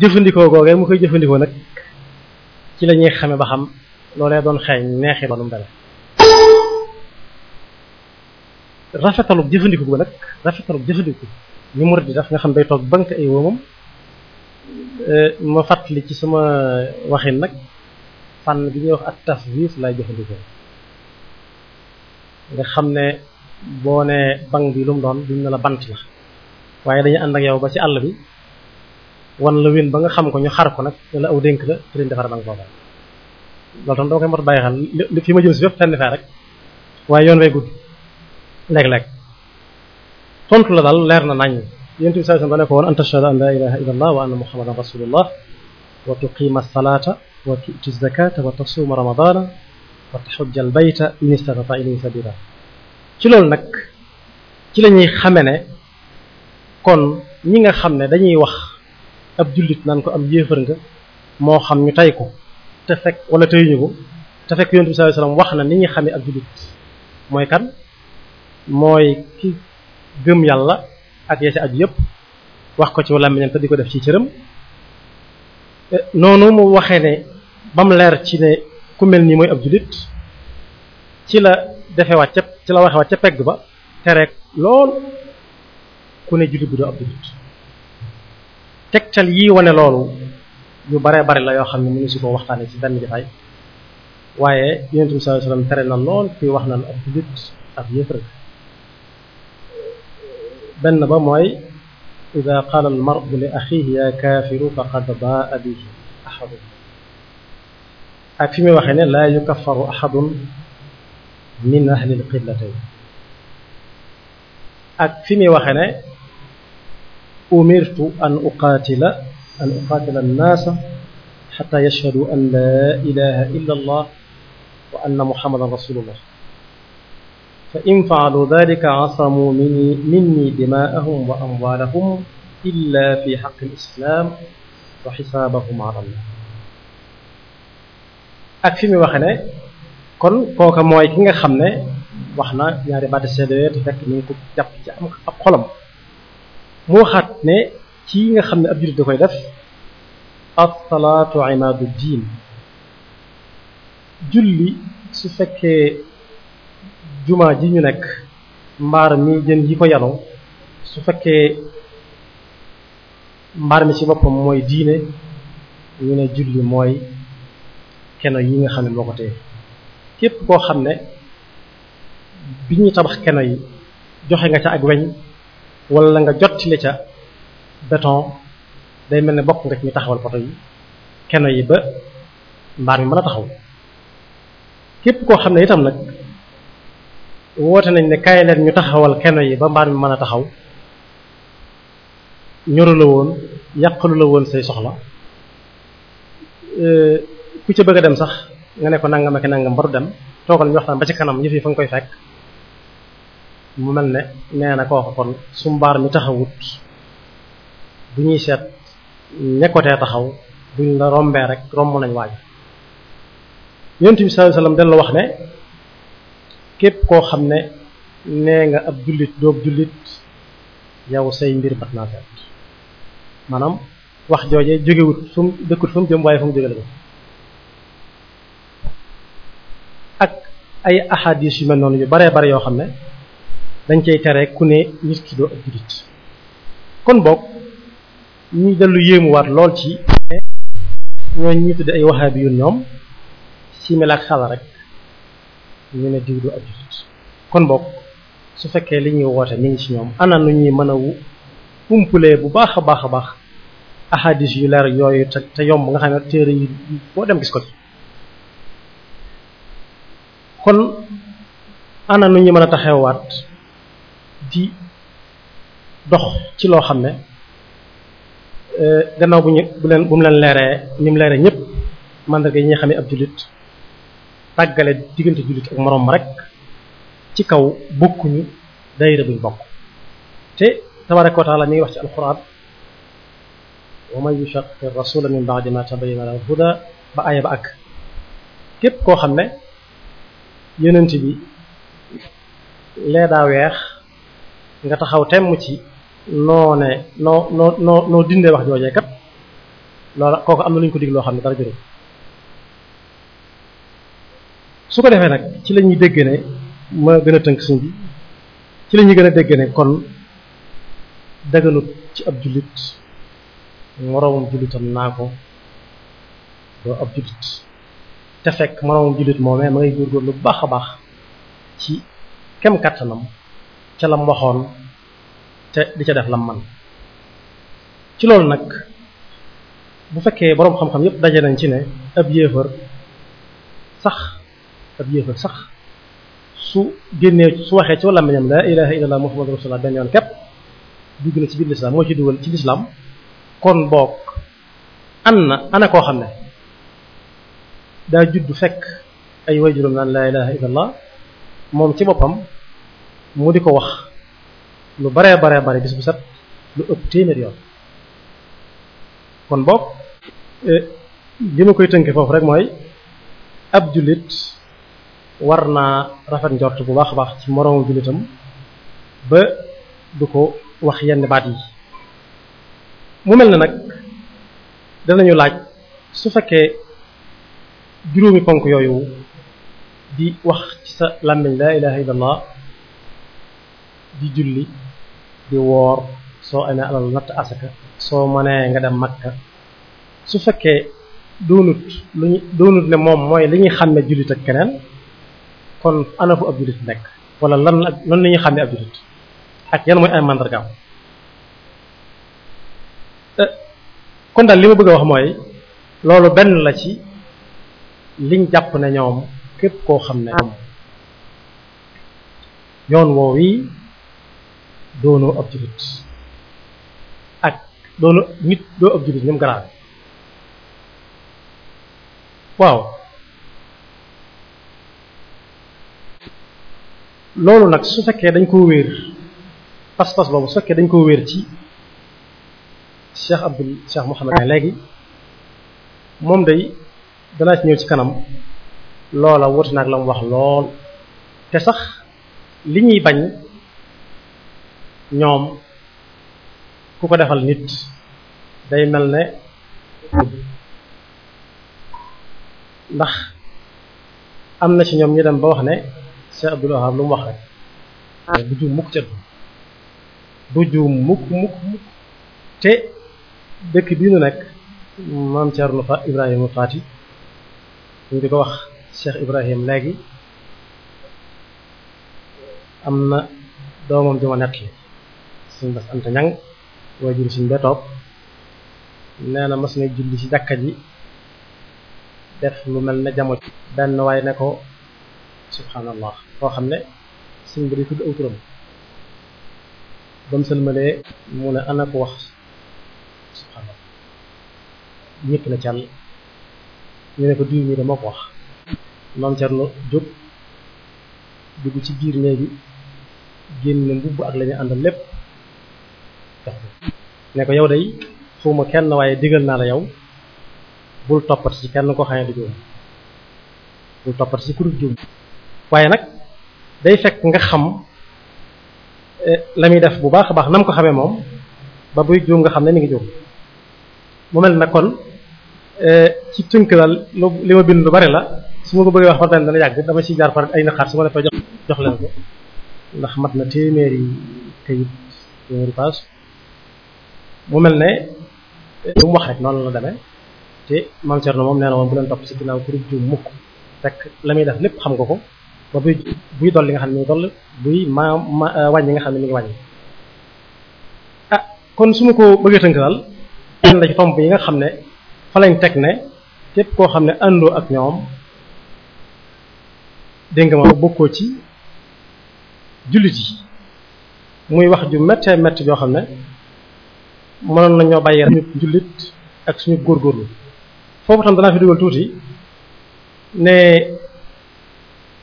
jëfandikoo googee mu koy jëfandikoo nag ci lañuy xamee ba xam loolee doon xeeñ neexee ba nu mu rafetalu jëfandiku ba nag rafetalu jëfandiku ni mu di nga xam day toog banque ay wóomam euh, fàttali ci sama waxin nag fànn bi ñuy wax ak taswiis laay jëfandikoo nga xam ne boo ne banque bi lu mu doon duñ ne la bant la waaye dañu ànd ak yow ba ci àll bi wan la win ba nga xam ko ñu xar ko nag wala aw dénk la ci lañ defar banque booba loolu tam dama koy mot bàyyi xel fi ma jëm si fépp fenn fee rek waaye yoon way gudd léeg-léeg tontu la daal leer na nañ yonent bi sallallahu alayhi wasallam da ne ko woon an tashhada an la ilaha illa allah wa anna muhammadan rasulullah wa tuqima as-salata wa tu'ti az-zakata wa tasuma ramadana wa tahujja al-bayta in istata'ta ilayhi sabila ci loolu nag ci lañuy xame ne kon ñi nga xam ne dañuy wax ab jullit naan ko am yéefar nga moo xam ñu tey ko te fekk wala teyuñu ko te fekk yonent bi sallallahu alayhi wasallam wax na ni ñuy xamee ab jullit mooy kan mooy ki gëm yàlla ak ya ci aju yëpp wax ko ci làmmiñam te di ko def ci cëram eh, noonu mu waxee ne bam leer ci ne ku mel nii mooy ab jullit ci la defewaat ca ci la waxewaat ca pegg ba tere lool ku ne jullit bu doo ab jullit tegtal yii wane loolu yu baree bari la yoo xam ne mënu si ko waxtaanee ci benn jotaay waaye yonent bi sallallahu alayhi tere na lool kuy wax na ab jullit ab yéefar benn ba mooy ida qaala al maru li axihi yaa kaafiru faqad baa bihi ahadun ak fi muy waxee ne laa yukaffaru ahadun min ahli al qiblatayn ak fi muy waxee ne umirtu an uqaatila an uqaatila annaasa xata yashhadu an laa ilaha illa allah wa anna muhammadan rasulullah فإن فعلوا ذلك عصموا مني, مني دماءهم وأموالهم إلا في حق الإسلام وحسابهم على الله ak fi mu waxe ne kon kooka mooy ki nga xam ne wax na ñaari baati seede te fekk ñu ngi ko jàpp ci am ab xolam mu waxaat ne ci nga xam ne ab jullit da koy def as-salaatu imaadu diin julli su fekkee jumaa ji ñu nekk mbaar mi jën yi ko yanu su fekkee mbaar mi ci boppam mooy diine ñu ne julli mooy keno yi nga xam ne moo ko téye képp koo xam ne bi ñuy tabax keno yi joxe nga ca ak weñ wala nga jot ci jottile ca béton day mel ne bokk nga ci ñu taxawal poto yi keno yi ba mbaar mi mën a taxaw képp koo xam ne itam nag woote nañ ne kaay leen ñu taxawal keno yi ba mbaar mi mën a taxaw ñoru la woon yàqalu la woon say soxla eh, ku ca bëgg a dem sax nga ne ko nangam ak nangam baru dem toogal ñu waxtaan ba ci kanam yëf yi fa nga koy fekk mu mel ne nee na kooku kon su mbaar mi taxawut bu ñuy seet ñekkotee taxaw buñ la rombee rek romb nañ waaj yonent bi dellu wax ne képp koo xam ne nee nga ab jullit doob jullit yow say mbir bat naa maanaam wax jooje jógewut fu mu dëkkut fu mu jëm waaye fu jóge la ak ay ahadis yu mel noonu yu baree bare yoo xam ne dañ cay tere ku ne nit ki doo ab jullit kon boog ñuy dellu yéemuwaat lool ci ñooñ ñi tudde ay waxaabi yu ñoom simel ak xala rek ñu ne diw ab jullit kon bokk su fekkee li ñuy woote mi ngi ci ñoom ana nu ñuy mën a umpulee bu baax a baax a baax ahadis yu yooyu te te yomb nga xam ne téere yi boo dem gis ko kon ana nu ñuy mën a taxewaat di dox ci loo xam ne eh, gannaaw bu ñu bu leen bu mu leen leeree ni mu leeree ñëpp mandarga yi ñuy xamee ab jullit tàggale diggante jullit ak moroom rek ci kaw bokkuñu daayira buñ bokk te tabaraka wa ñu mi ngi wax ci alquran wa man yushaqi rasula min ba'di ma tabayyana lahu ba aaya ba ak képp koo xam ne yonent bi lee daa weex nga taxaw temm ci noo ne noo noo noo noo dindee wax joojee kat loola kooku am na lu ko dig loo xam ne dara jëru su ko defee nag ci lañuy ñuy dégg ne ma gën a tënk sëñ bi ci la ñuy gën a dégg ne kon daganut ci ab jullit moroomam jullitam naa ko doo ab jullit te fekk moroomam jullit moomee ma ngay góorgóorlu bu baax a baax ci kem kattanam ca lam waxoon te di ca def lam man ci loolu nag bu fekkee boroom xam-xam yépp daje nañ ci ne ab yéefar sax ab yéefar sax su génnee su waxee ci làmmiñam la ilaha illallah muhammadu rasulullah benn yoon képp dugg na ci biir lislaam moo ci dugal ci lislaam kon boog an na ana koo xam ne daa judd fekk ay waajuram naan laa ilaha illallah moom ci boppam mu di ko wax lu baree baree bare bis bu set lu ëpp téeméer yoon kon boog eh, li ma koy tënke foofu rek mooy ab jullit war naa rafet njort bu baax a baax ci moroomu jullitam ba du ko wax yenn baat yi mu mel ne nag danañu laaj su fekkee juróomi ponk yooyu di wax ci sa làmmiñ laa ilaha illallah di julli di woor soo amee alal natt asaka soo mënee nga dem makka su fekkee doonut lu ñu doonut ne moom mooy li ñuy xam ne jullit ak keneen kon ana fu ab jullit nekk wala lan la lan la ñuy xàmmee ab jullit ak yan mooy ay mandargaam eh, kon daal li ma bëgg a wax mooy loolu benn la ci liñ jàpp ne ñoom képp koo xam ne yoon woow yi doonoo ab jullit ak doonoo nit doo ab jullit ñoom garaaw waaw loolu nag su fekkee dañ koo wéer pas-pas boobu su fekkee dañ koo wéer ci Cheikh Abdul Cheikh Mouhamed léegi moom day danaa ci ñëw ci kanam loola wuti naag la mu wax lool te sax li ñuy bañ ñoom ku ko defal nit day mel ne ndax am na ci ñoom ñu dem ba wax ne Cheikh Abdoul Wahab lu mu wax rek du juum mukk mukk mukk te dëkk bii nekk maam Thierno fa Ibrahima Faati ñu di ko wax Cheikh Ibrahim léegi am na doomam ju nekk yi suñ bas anta ñang waajur suñ bee toog nee na mas na julli ci jàkka ji def lu mel ne jamo benn waaye ne subhanallah foo xam ne suñ bi di tudd aw turam ba mu sëlmalee mu ne ana ko wax subhanallah ñëkk na càll ñu ne ko diw mi dama ko wax maam Cerno jóg dugg ci biir néegi génn mbubb ak la àndal lépp ne ko yow day xawma kenn waaye digal naa la yow bul toppat ci kenn ko xam ne du bul toppat ci ku dul juum waaye nag day fekk nga xam eh, la muy def bu baax a baax nam ko xamee moom ba buy juum nga xam ne mi ngi juum mu mel na kon eh, ci tënk daal lu li ma bind lu bari la su ma ko bëggee wax ba dana yàgg dama ci jaar par ay naxaar su ma defee jox jox leen ko ndax mat na téeméeri kayit mu mel ne eh, lu mu wax rek noonu la demee te Maam Cerno moom nee na woon bu leen topp si ginnaaw ku dul juum mukk rek la muy def lépp xam nga ko ba buy buy dolli nga xam ne mi ngi dolli buy ma ma euh, wàññi nga xam ne mi ngi wàññi. ah kon su ma ko bëggee tënk daal tomb yi nga xam ne fa teg ne képp koo xam ne àndoo ak ñoom dégg nga ma bokkoo ci jullit yi muy wax ju méttee métti joo xam ne mënoon nañoo bàyyi rek suñu jullit ak suñu góorgóorlu foofu tam danaa fi dugal tuuti ne.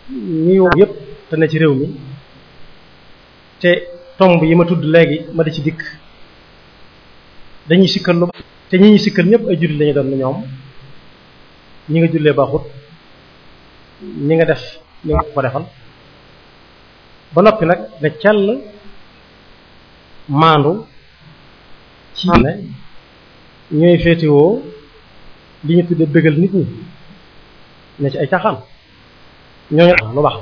ñuy wax yépp te ne ci réew mi te tomb yi ma tudd léegi ma di ci dikk dañuy sikkal lu te ñi ñuy sikkal ñëpp ay jullit lañu doon ñoom ñu ngi jullee baaxut ñi ngi def ñi nga defal ba noppi nag ne cell maandu ci ne ñooy féetewoo li ñu tuddee bëggal nit ñi ne ci ay caaxaan ñooñu am lu baax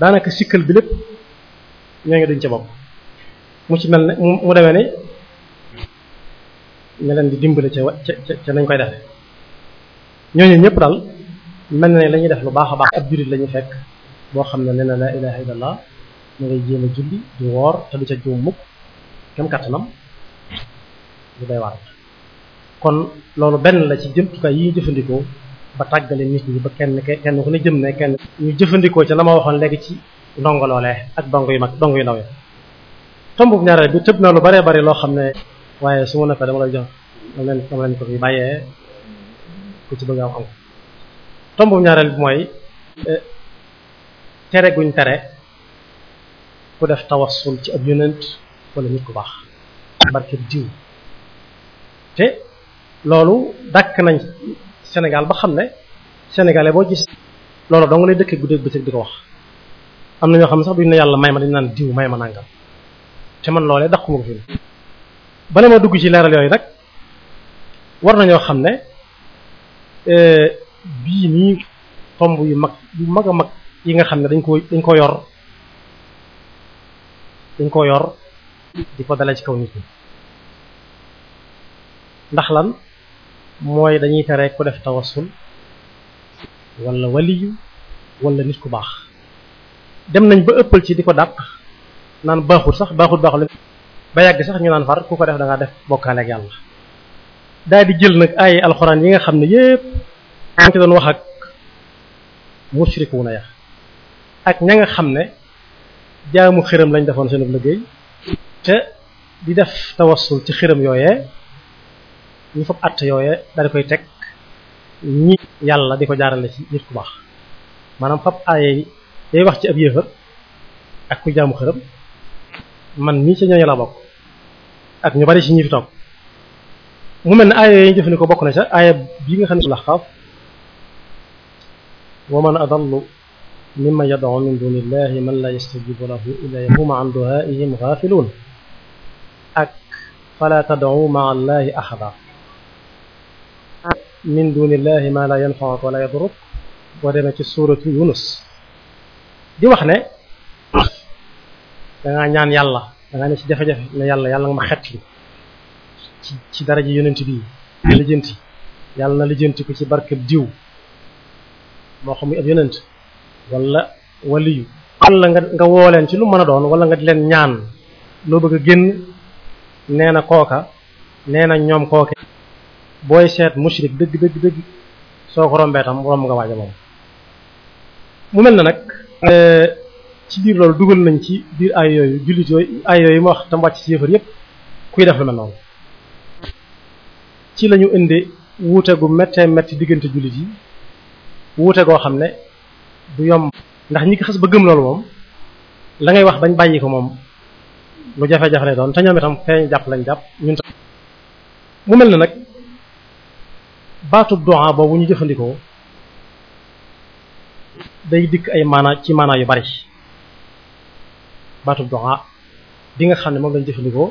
daanaka sikkal bi lépp ñoo ñooñu dañ ci bopp mu ci mel ne mu demee ne ñu leen di dimbale ca ca ca nañ koy defee ñooñu ñépp dal mel na ne la def lu baax a baax ak jullit lañuy fekk boo xam ne nee na laa ilaha illallah ñu ngay jéem a julli di woor te du ca juum mukk kam kon loolu benn la ci jëmtukaay yi ñu jëfandikoo ba tàggale nit ñi ba kenn kenn ku ne jëm ne kenn ñu jëfandikoo ci la ma waxoon léegi ci ndongo ak dongo yi mag dongo yi tombub ñaareel bi tëb na lu baree bari loo xam ne waaye su ma noppee dama lay jox dama leen dama leen ci bëgg am ñaareel bi mooy eh, tere guñ tere ku def tawassul ci ab yonent wala nit ku baax barke diw te loolu dàkk nañ Sénégal ba xam ne sénégalais boo gis loolu dong lay dëkkee guddeeg bëccëg di ko wax am na ñoo xam ne sax duñ ne yàlla may ma dañ naan diw may ma nangam te man loolee daquma ko fi bala ma dugg ci leeral yooyu nag war nañoo xam ne euh, bii nii tomb yu mag yu mag a mag yi nga xam ne dañ ko dañ ko yor dañ ko yor di ko dalee ci kaw nit ñi ndax lan mooy dañuy tere ku def tawassul wala waliyu wala nit ku baax dem nañ ba ëppal ci di ko dàq naan baaxul sax baaxul baaxul ba yàgg sax ñu naan far ku ko def da def bokkaale ak yàlla daal di jël nag ay alxuraan yi nga xam ne yépp maa ngi doon wax ak mushrikuuna ya ak ña nga xam ne jaamu xërëm lañ defoon seen luggéey te di def tawassul ci xërëm yooyee ñu fab àtte yooye daal koy teg ñi yàlla di ko jaarale ci nit ku baax maanaam fab aaye day wax ci ab yéefar ak ku jaamu xërëm man mii ci ñooñu laa bokk ak ñu bari ci ñi fi toog mu mel ne aaye yooyu ñu jëfandikoo bokk na ca aaye bi nga xam ne laxaaf wa man adallu mimman yad'u min dunillahi man la yastajibu lahu illa hum an du'aa'ihim ghafiluun ak fala tad'u ma'a allahi ahada min dunillahi ma la yanfa'uka wala yadurruk boo na ci suuratu yunus di wax ne dangaa ñaan yàlla dangaa ne ci jafe-jafe ne yàlla yàlla nga ma xet li ci ci daraja yonent bi lijjanti yàlla na lijjanti ko ci barkeb diw moo xam muy ab yonent wala waliyu wala nga woo leen ci lu mën a doon wala nga di leen ñaan loo bëgg a génn nee na kooka nee na ñoom kooke booy seet mushrik dëgg dëgg dëgg soo ko rombee tam romb nga waaja moom mu mel na nag euh, ci biir loolu dugal nañ ci biir ay yooyu jullit yooyu ay yooyu ma wax tam wàcc ci yëfar yëpp kuy def lu mel noonu ci lañu indi wuute gu méttee métti diggante jullit yi wuute goo xam ne bu yomb ndax ñi ko xas ba gëm loolu moom la ngay wax bañ bàyyi ko moom lu jafe-jafe lay doon te ñoom itam feeñ jàpp lañ jàpp ñun tam mu mel na nag baatu du'a boobu ñu jëfandikoo day dikk ay maanaa ci maanaa yu bari baatu du'a bi nga xam ne moom lañu jëfandikoo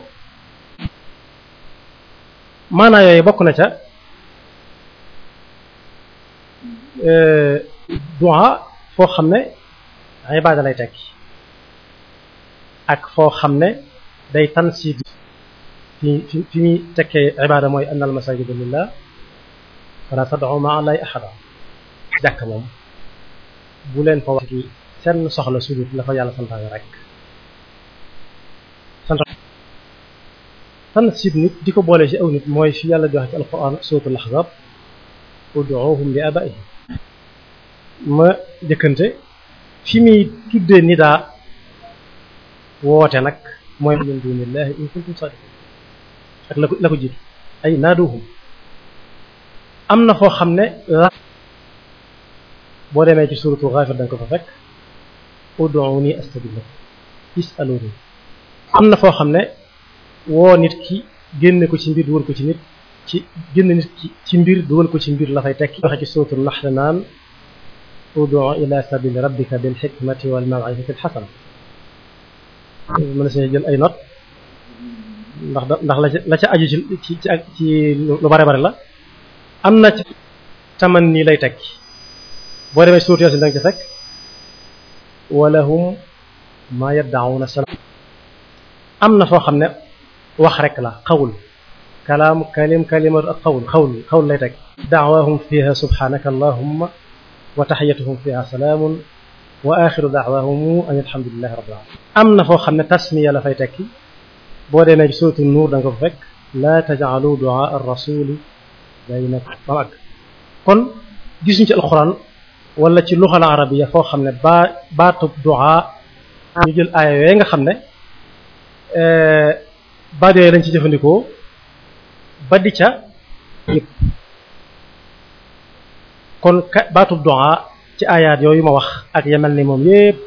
maanaa yooyu bokk na ca euh, du'a foo xam ne ibaada lay tekki ak foo xam ne day tansiid fi fi fi muy tekkee ibaada mooy annal masaajida lillah wala tad'u ma'a llahi ahada jàkk moom bu leen ko wax ci seen soxla sudut la ko yàlla santaane rek sant sant sib nit di ko boole ci aw nit mooy fi yàlla di wax ci alquran suratul ahzab ud'uuhum li abaihim ma jëkkante fi muy tuddee nidaa woote nag mooy min dunillahi in kuntum sadiqin ak la ko la ay naaduhum am na foo xam ne la boo demee ci suratu Ghafir da nga ko fa fekk ud'uuni astajib lakum is'aluuni am na foo xam ne woo nit ki génne ko ci mbir dugal ko ci nit ci génne nit ci mbir dugal ko ci mbir la fay tekki waxe ci suratu Nahl naan ud'u ila sabili rabbika bil hikmati wal maw'izati al hasana mën na si jël ay notes ndax da ndax la ca la ca aju ci ci lu bare bare la am na ci taman nii lay tekki boo demee suurat Yaasin danga ci fekk walahum maa yaddaawuna salaam am na foo xam ne wax rek la xawul kalaam kalim kalimatu ak xawul xawul xawul lay teg daawahum fiha subhanaka allahumma wa taxiyatuhum fiha salaamun wa axiru daawahum an alhamdulilahi rabbil alamin am na foo xam ne tasmiya la fay tekki boo demee ci suuratu nuur da nga ko fekk laa tajcalu duaa ar rasuli day nekk ba màgg kon gisuñu ci alxuraan wala ci luxal arabiya foo xam ne ba baatub du'a ñu jël aaya yooyu nga xam ne eh, baat lañ ci jëfandikoo ba di ca yëpp kon ka baatub du'a ci aayaat yooyu ma wax ak yemel ni moom yépp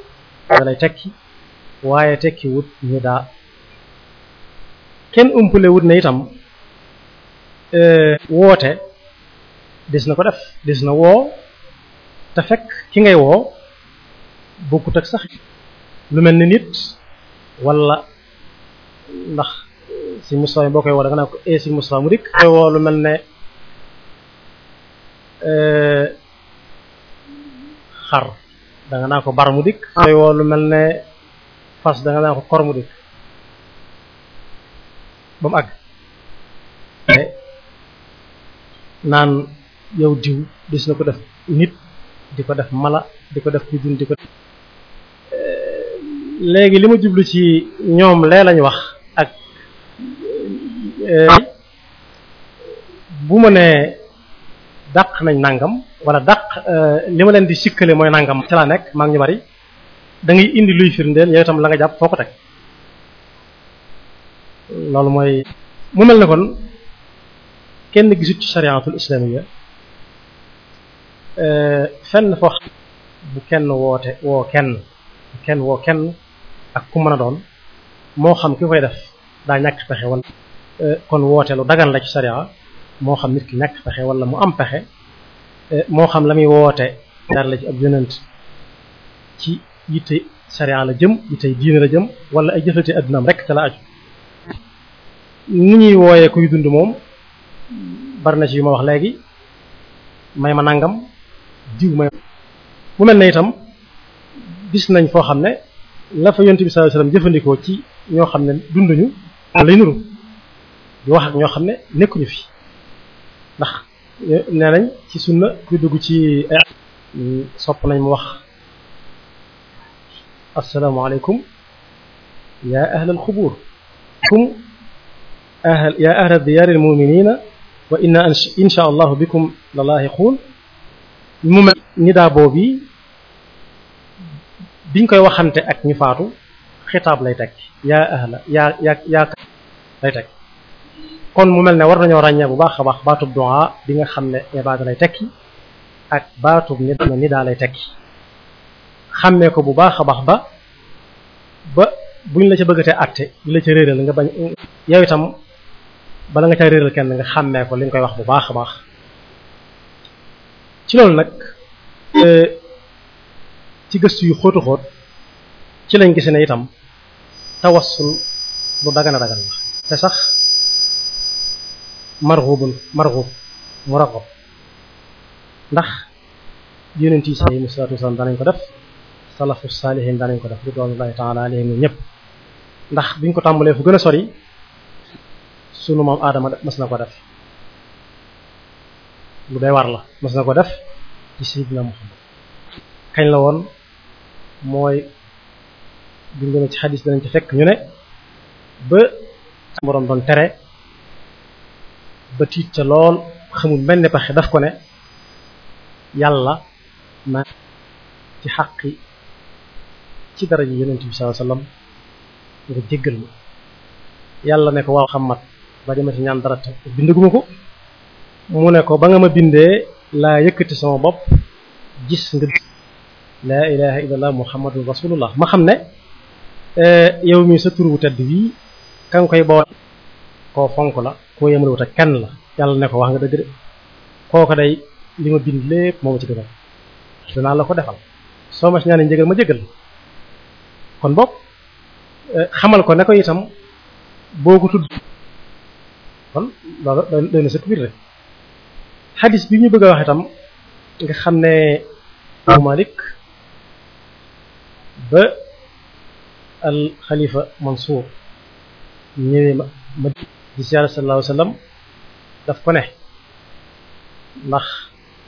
tekki waaye tekki wut ñu daa kenn umpale wut ne itam Euh, woote des na ko def des na woo te fekk ki ngay woo bokkut ak sax lu mel ni nit wala ndax si eh, Moustapha mu dikk koy woo lu mel ne euh, xar da naa ko bar mu dikk ah. koy woo lu mel ne fas da naa ko kor mu dikk ba mu àgg naan yow diw dis na ko def nit di ko def mala di ko def ku dund di ko eh, léegi li ma jublu ci ñoom lee lañ wax ak eh, bu ma nee dàq nañ nangam wala dàq eh, li ma leen di sikkale mooy nangam ci laa nekk maa ngi ñu bari da indi luy firndeel yow itam la nga jàpp foo ko teg loolu mooy mu mel ne kon kenn gisut ci chariatul islamiya euh, fenn foo xam bu kenn woote woo kenn bu kenn woo kenn ak ku mën doon moo xam ki koy def daa ñàkk pexe wala euh, kon woote lu dagan la ci charia moo xam nit ki ñàkk pexe wala mu am pexe euh, moo xam la muy woote dara la ci ab yonent ci yitte charia la jëm yitte diine la jëm wala ay jëflate addunaam rek ca la aju ni ñuy wooyee kuy dund moom bari na ci yu ma wax léegi may ma nangam diw may mu mel ne itam gis nañ foo xam ne la fa yonent bi jëfandikoo ci ñoo xam ne dunduñu lay nuru di wax ak ñoo xam ne nekkuñu fi ndax eh, nee nañ ci sunna kuy dugg ci eh, sopp nañ mu wax asalaamaaleykum yaa ahlal xubuur kum ahl yaa ahlal diyaaril muminina wa inna insha allahu bikum la laahiquun mu mel nidaa boobu biñ koy waxante ak ñu faatu xitaab lay teg yaa ahla yaa yaa yaa lay teg kon mu mel ne war nañoo ràññee bu baax a baax baatub du'a bi nga xam ne ibaada lay tekki ak baatub nidaa nidaa lay tekki xàmmee ko bu baax a baax ba ba buñ la ca bëggatee àtte di la ca réeral nga bañ yow itam bala nga caa réeral kenn nga xàmmee ko li koy wax bu baax a baax ci loolu nag euh, ci gëstu yu xóotu xóot ci lañ gis ne itam te lu bu dagana dagan la te sax marxubun marxub mu raqob ndax yonent yi alayhimu salaatu wasalaam danañ ko def salafu saalihin danañ ko def ridwanullahi taala alayhim ñëpp ndax buñ ko tàmbalee fu gën a sori sunu moom aadama mas na ko def lu day war la mas na ko def ci Sayyidina Muhammad kañ la woon mooy buñ demee ci xadis danañ ci fekk ñu ne ba boroom doon tere ba tiit ca lool xamul mel ni pexe daf ko ne yàlla na ci xaqi ci dara ji yonent bi sallallahu alayhi wasallam nga jéggal ma yàlla ne ko waaw xam mat ba dima ci ñaan dara te bindaguma ko mu ne ko ba nga ma bindee laa yëkkati sama bopp gis nga laa ilaha illallah muhammadun rasulullah ma xam ne eh, yow mi sa tur wu tedd wii ka nga koy boole koo fonk la koo yemale wut kenn la yàlla ne ko wax nga dëgg de kooku day li ma bind lépp moo ci gënal danaa la ko defal soo ma ci ñaanee njëgal ma jëgal kon boog eh, xamal ko ne ko itam boo ko tudd kon loolu doy na bi ñu bëgg a wax itam nga xam ne Abu Malik ba al xalifa Mansour ñëwee ma ma di siyaare sallallahu alayhi wa daf ko ne ndax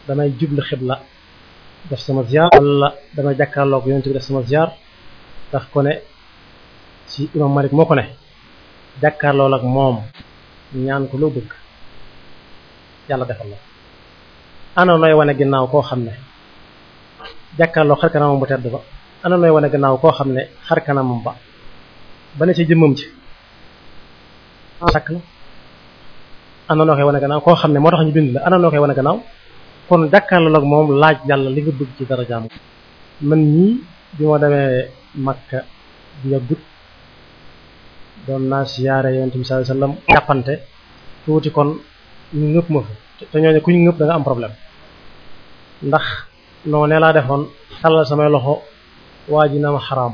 damay jublu xibla def sama ziar wala damay jàkkaarloog yonent bi def sama ziar daf ko ne ci imam Malik moo ko ne jàkkaarlool moom ñaan ko loo bëgg yàlla defal la ana looy wane ginnaaw koo xam ne jàkkaarloo xar kanamam bu tedd ba ana looy wane ginnaaw koo xam ne xar kanamam ba ba ne ci jëmmam ci sàkk la ana loo gannaaw koo xam ne moo tax ñu bind la ana loo koy wane gannaaw kon jàkkaarloo ak moom laaj yàlla li nga bëgg ci dara jaamu man ñii bi ma demee Makka bi yàggut doon naa siyaare yonent bi sallallahu alayhi wasallam jàppante tuuti kon ñu ñëpp ma fa te nga am problème ndax noo ne laa defoon xalal samay loxo waa ji na ma xaraam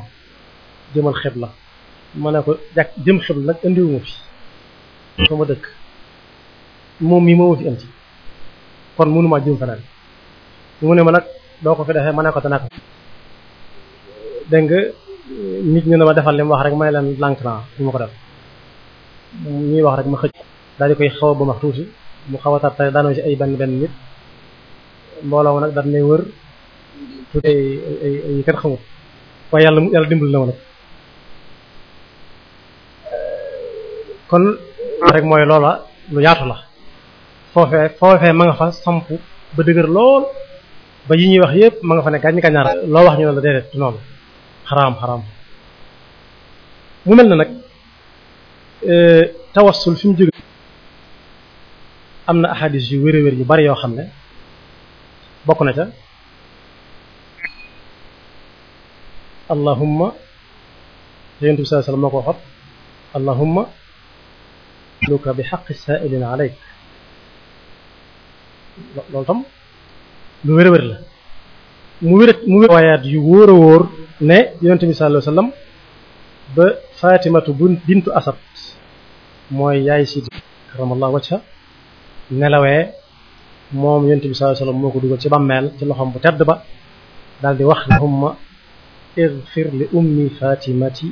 jëmal xibla ma ne ko jàkk jëm nag indiwuma fi sama dëkk moom mi moo fi indi kon mënuma jëm feneen mu ne ma nag doo ko fi defee ma ne ko te nit ñu ne ma defal li wax rek ma leen lànk naa su ma ko dal ñuy wax rek ma xëcc daal di koy xaw a ba max tuuti mu xaw a tartale daanoo si ay benn benn nit mbooloo ma nag daal nay wër tuuti ay ay ay waaye yàlla yàlla dimbal na ma nag kon rek mooy loola lu yaatu la foofee foofee ma nga fa samp ba dëgër lool ba yi ñuy wax yépp ma nga fa ne gàññi gàññaar loo wax ñu ne la déedéet noonu xaraam xaraam mu mel na nag euh, tawassul fi mu am na ahadis yu wér yu bari yoo xam ne bokk na ca allahumma yonent bi sallallahu alayhi wa sallam moo ko waxat allahumma luka bi xaqi saailin alayk loolu tam lu wér la mu wér mu wér waayaat yu wóor a ne yonente bi sallallahu alayhi wasallam ba fatimatu bintu asad mooy yaay sidi karamallahu wajha nelawee moom yonente bi sallallahu alayhi wasallam moo ko dugal ci bàmmeel ci loxoom bu tedd ba daal di wax ne humma igfir li ummi fatimati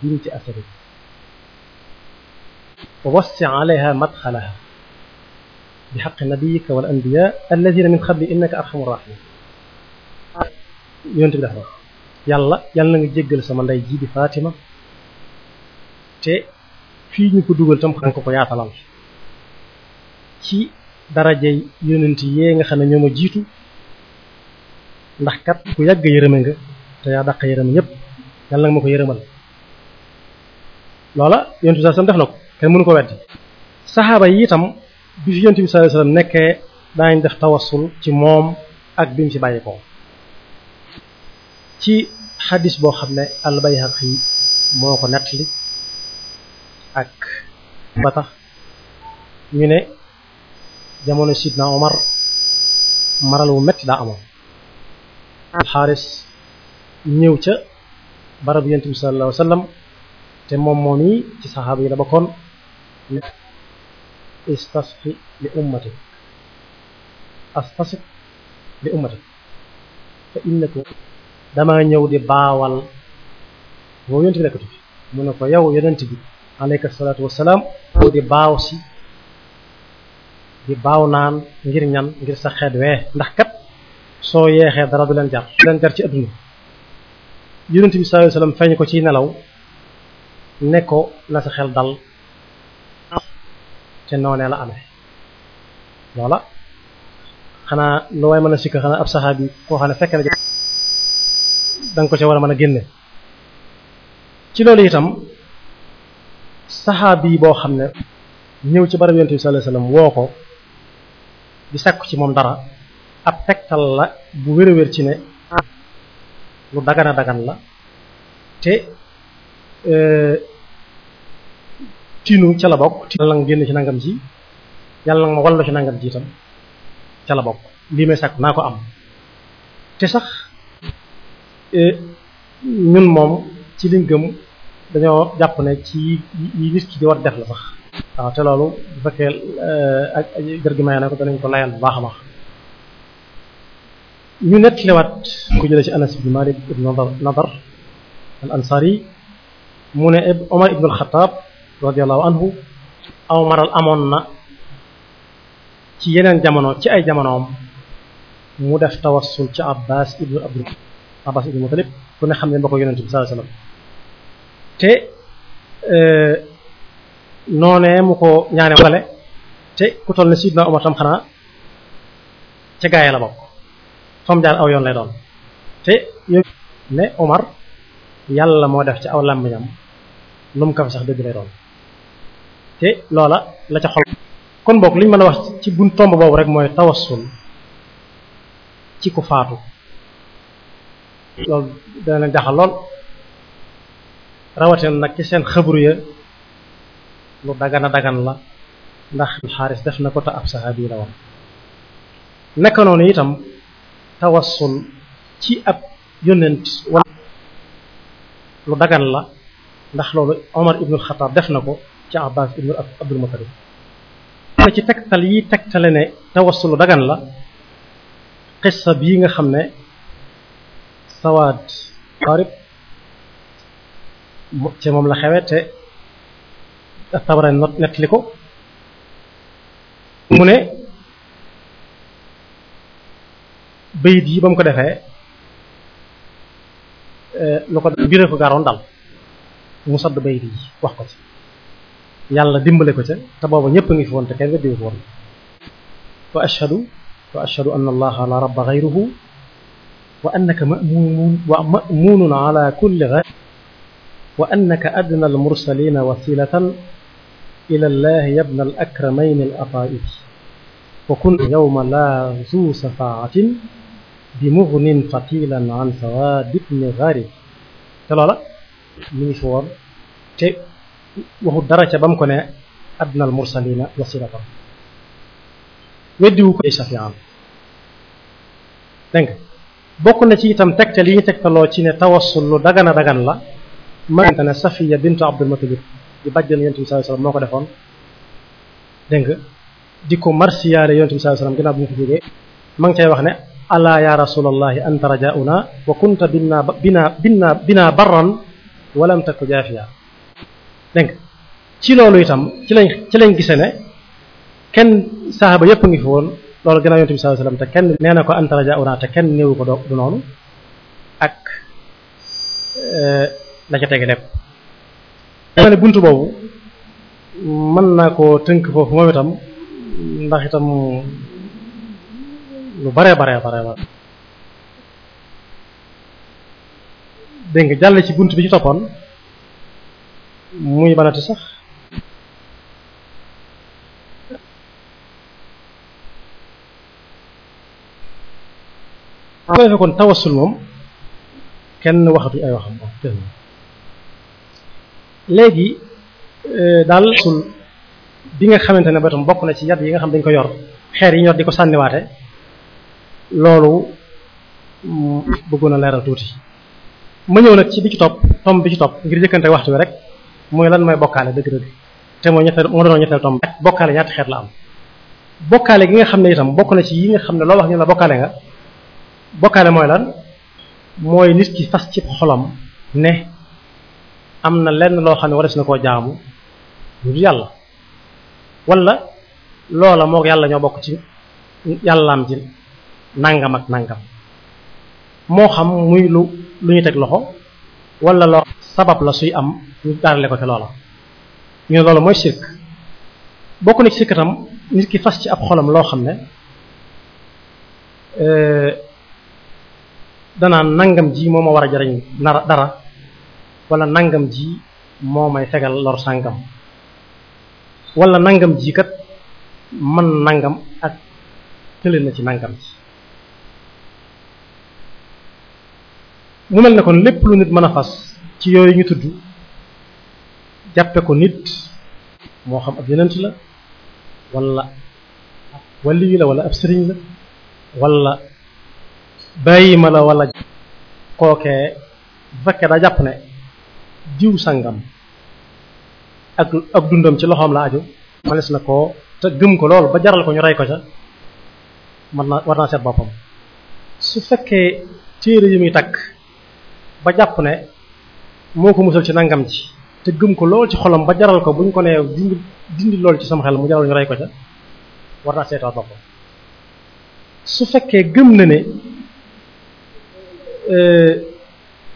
binti asad wa wassi alayha madxalaha bi xaqi nabiyika wal anbiya alladina min xabli innaka arxamu rahimin yonent bi dafa wax yàlla yàlla na nga jéggal sama ndey ji di Fatima te fii ñu ko dugal tam xan ko ko yaatalal ci darajey yonent yee nga xam ne ñoo ma jiitu ndax kat ku yàgg yërëme nga te yaa daq yërëme ñëpp yàlla nga ma ko yërëmal loola yonent bi sallam def na ko kenn mënu ko weddi saxaaba yi itam bi fi yonent bi sallam nekkee daañ def tawassul ci moom ak bi mu ci bàyyi ko ci xadis boo xam ne albayhaqi moo ko nettali ak ba tax ñu ne jamono sidna omar maral wu métti daa amoon xaaris ñëw ca barab yonent bi sallallahu alayhi te moom moom yi ci saxaaba yi la bokkoon ne istasqi li ummati astasqi li ummati damaa ñëw di baawal boobu yonent bi nekkatu fi mu ne ko yow yonent bi alayka salaatu wassalaam di baaw si di baaw naan ngir ñan ngir sa xeet wee ndax kat soo yeexee dara du leen jar du leen jar ci adduna yonent bi sallallahu alayhi feeñ ko ci nelaw ne ko na sa xel dal te noonee la amee loola xanaa lu waay mën a sikk xanaa ab saxaabi koo xam ne fekk na da nga ko ca war a mën a génne ci loolu itam saxaabi yi boo xam ne ñëw ci barab yonte bi sallallahu alayhi wasallam woo ko di sakku ci moom dara ab tegtal la bu wér-wér ci ne lu dagan a dagan la te e, tinu ca la bokk ti la nga génn ci nangam ji yàlla nga ma ci nangam ji itam ca la bokk lii may sàkk naa ko am te sax ñun moom ci liñ gëm dañoo jàpp ne ci yi nit ki di war def la sax waaw te loolu bu fekkee euh, ak jërgimay na ko danañ ko layal bu baax a baax ñu nettaliwaat ku jëlee ci Anas bin Malik ibn Nadar al ansari mu ne Omar ibn al-Khattab radiyallahu anhu aw maral amoon na ci yeneen jamono ci ay jamonoom mu def tawassul ci Abbas ibn Abdul Abbas moo Muttalib ku ne xam ne mbokk yonent bi sallallahu alayhi te euh, noonee mu ko ñaane wale te ku toll ne Sidna Omar tam xanaa ca gaaya la bokk fam jaar aw yoon lay doon te yow ne Omar yàlla moo def ci aw làmmiñam lu mu kafe sax dëgg lay doon te loola la ca xol kon bokk liñ mën a wax ci bunt tomb boobu rek mooy tawassul ci ku faatu loolu dana leen jaxal lool rawatina nag ci seen xëbru ya lu dagan a dagan la ndax xaaris def na ko te ab saxaabi la woon naka noonu itam tawassul ci ab yonent wala lu dagan la ndax loolu Omar ibnul Xataab def na ko ci Abbas ibnu Abdul Muttalib ne tawassul lu dagan la xissa bii nga xam ne sawaad xarib ci moom la xewe te Tabarani nettali ko mu ne bayit yi ba mu ko defee eh, lu ko biree ko gaaroon dal mu sadd bayit yi wax ko ci yàlla dimbale ko ca te booba ñëpp a ngi fi woon te kenn weddi ko woon wa ashhadu wa ashhadu anna allaha la rabba ghayruhu wa annaka mamuun wa mamuunun ala kulli ghayb wa annaka adna almursalina wasilatan ila allahi yabna alakramayn alata'ib wa kun yawma la zu safaatin bimugnin fatilan an sawaad ibni gharib te loola mi ngi fi woon te waxu dara ca ba mu ko ne adna almursalina wasilatan weddiwu ko safiaan dégg nga bokk na ci itam tegtal yi ñu tegtaloo ci ne tawassul lu dagan a dagan la mënante ne safiya bintu abdul mutalib di bàjjan yonent bi sallallahu alayhi wasallam moo ko defoon dégg nga di ko marsiyaale yonent bi sallallahu alayhi wasallam ginnaaw bu ñu ko jógee ma ngi cay wax ne alaa ya rasulallahi anta rajauna wa kunta binna binaa binna binaa barran walam takku jaafiya dégg nga ci loolu itam ci lañ ci lañ gise ne kenn saxaaba yépp ngi fi woon loolu gën a yonent bi sallallahu alayhi te kenn nee na ko anta naa te kenn néewu ko du noonu ak eh, la ca tege lépp dama ne bunt boobu mën naa koo tënk foofu moom itam ndax itam lu bare bare bare bare dégg nga jàll ci bunt bi ci toppoon muy banati sax am defee kon tawasul moom kenn waxatu ay waxam moom léegi euh, daal sul bi nga xamante ne ba bokk na ci yat yi nga xam dañ ko yor xeer yi ñor di ko sànniwaate loolu bëggoon a leeral tuuti ma ñëw nag ci bi ci topp tomb bi ci topp ngir jëkkante waxtu wi rek mooy lan mooy bokkaale dëgg-dëgg te moo ñetteel moo doon ñetteel tomb bokkaale ñaati xeet la am bokkaale gi nga xam ne itam bokk na ci yi nga xam ne loo wax ñu la bokkaale nga bokkaale mooy lan mooy nit ki fas ci xolom ne am na lenn loo xam ne war na koo jaamu yàlla wala loola moog yàlla ñoo bokk ci yàllaam ci nangam moo xam muy lu lu ñu teg loxo wala loo sabab la suy am ñu daarale ko ci bokk na ci sirk nit ki fas ci ab xolom loo xam ne euh, danaan nangam ji moo ma war a jariñ nar dara walla nangam ji moo may fegal lor sàngam wala nangam ji kat man nangam ak tële na ci nangam ji mu mel ne kon lépp lu nit mën a fas ci yooyu ñu tudd jàppe ko nit moo xam ab yonent la wala ab waliyu la wala ab sëriñ la wala bàyyi ma la wala kookee bu fekkee daa jàpp ne diw sangam ak dundam ci loxoom la aju manes na ko te gëm ko lool ba jaral ko ñu rey ko ca man naa war naa seet boppam su fekkee téere yi muy takk ba jàpp ne moo ko musal ci nangam ci te gëm ko lool ci xolam ba jaral ko bu ñu ko nee dindi dindi lool ci sama xel mu jaral ñu rey ko ca war naa seetaat boppam su fekkee gëm na ne Euh,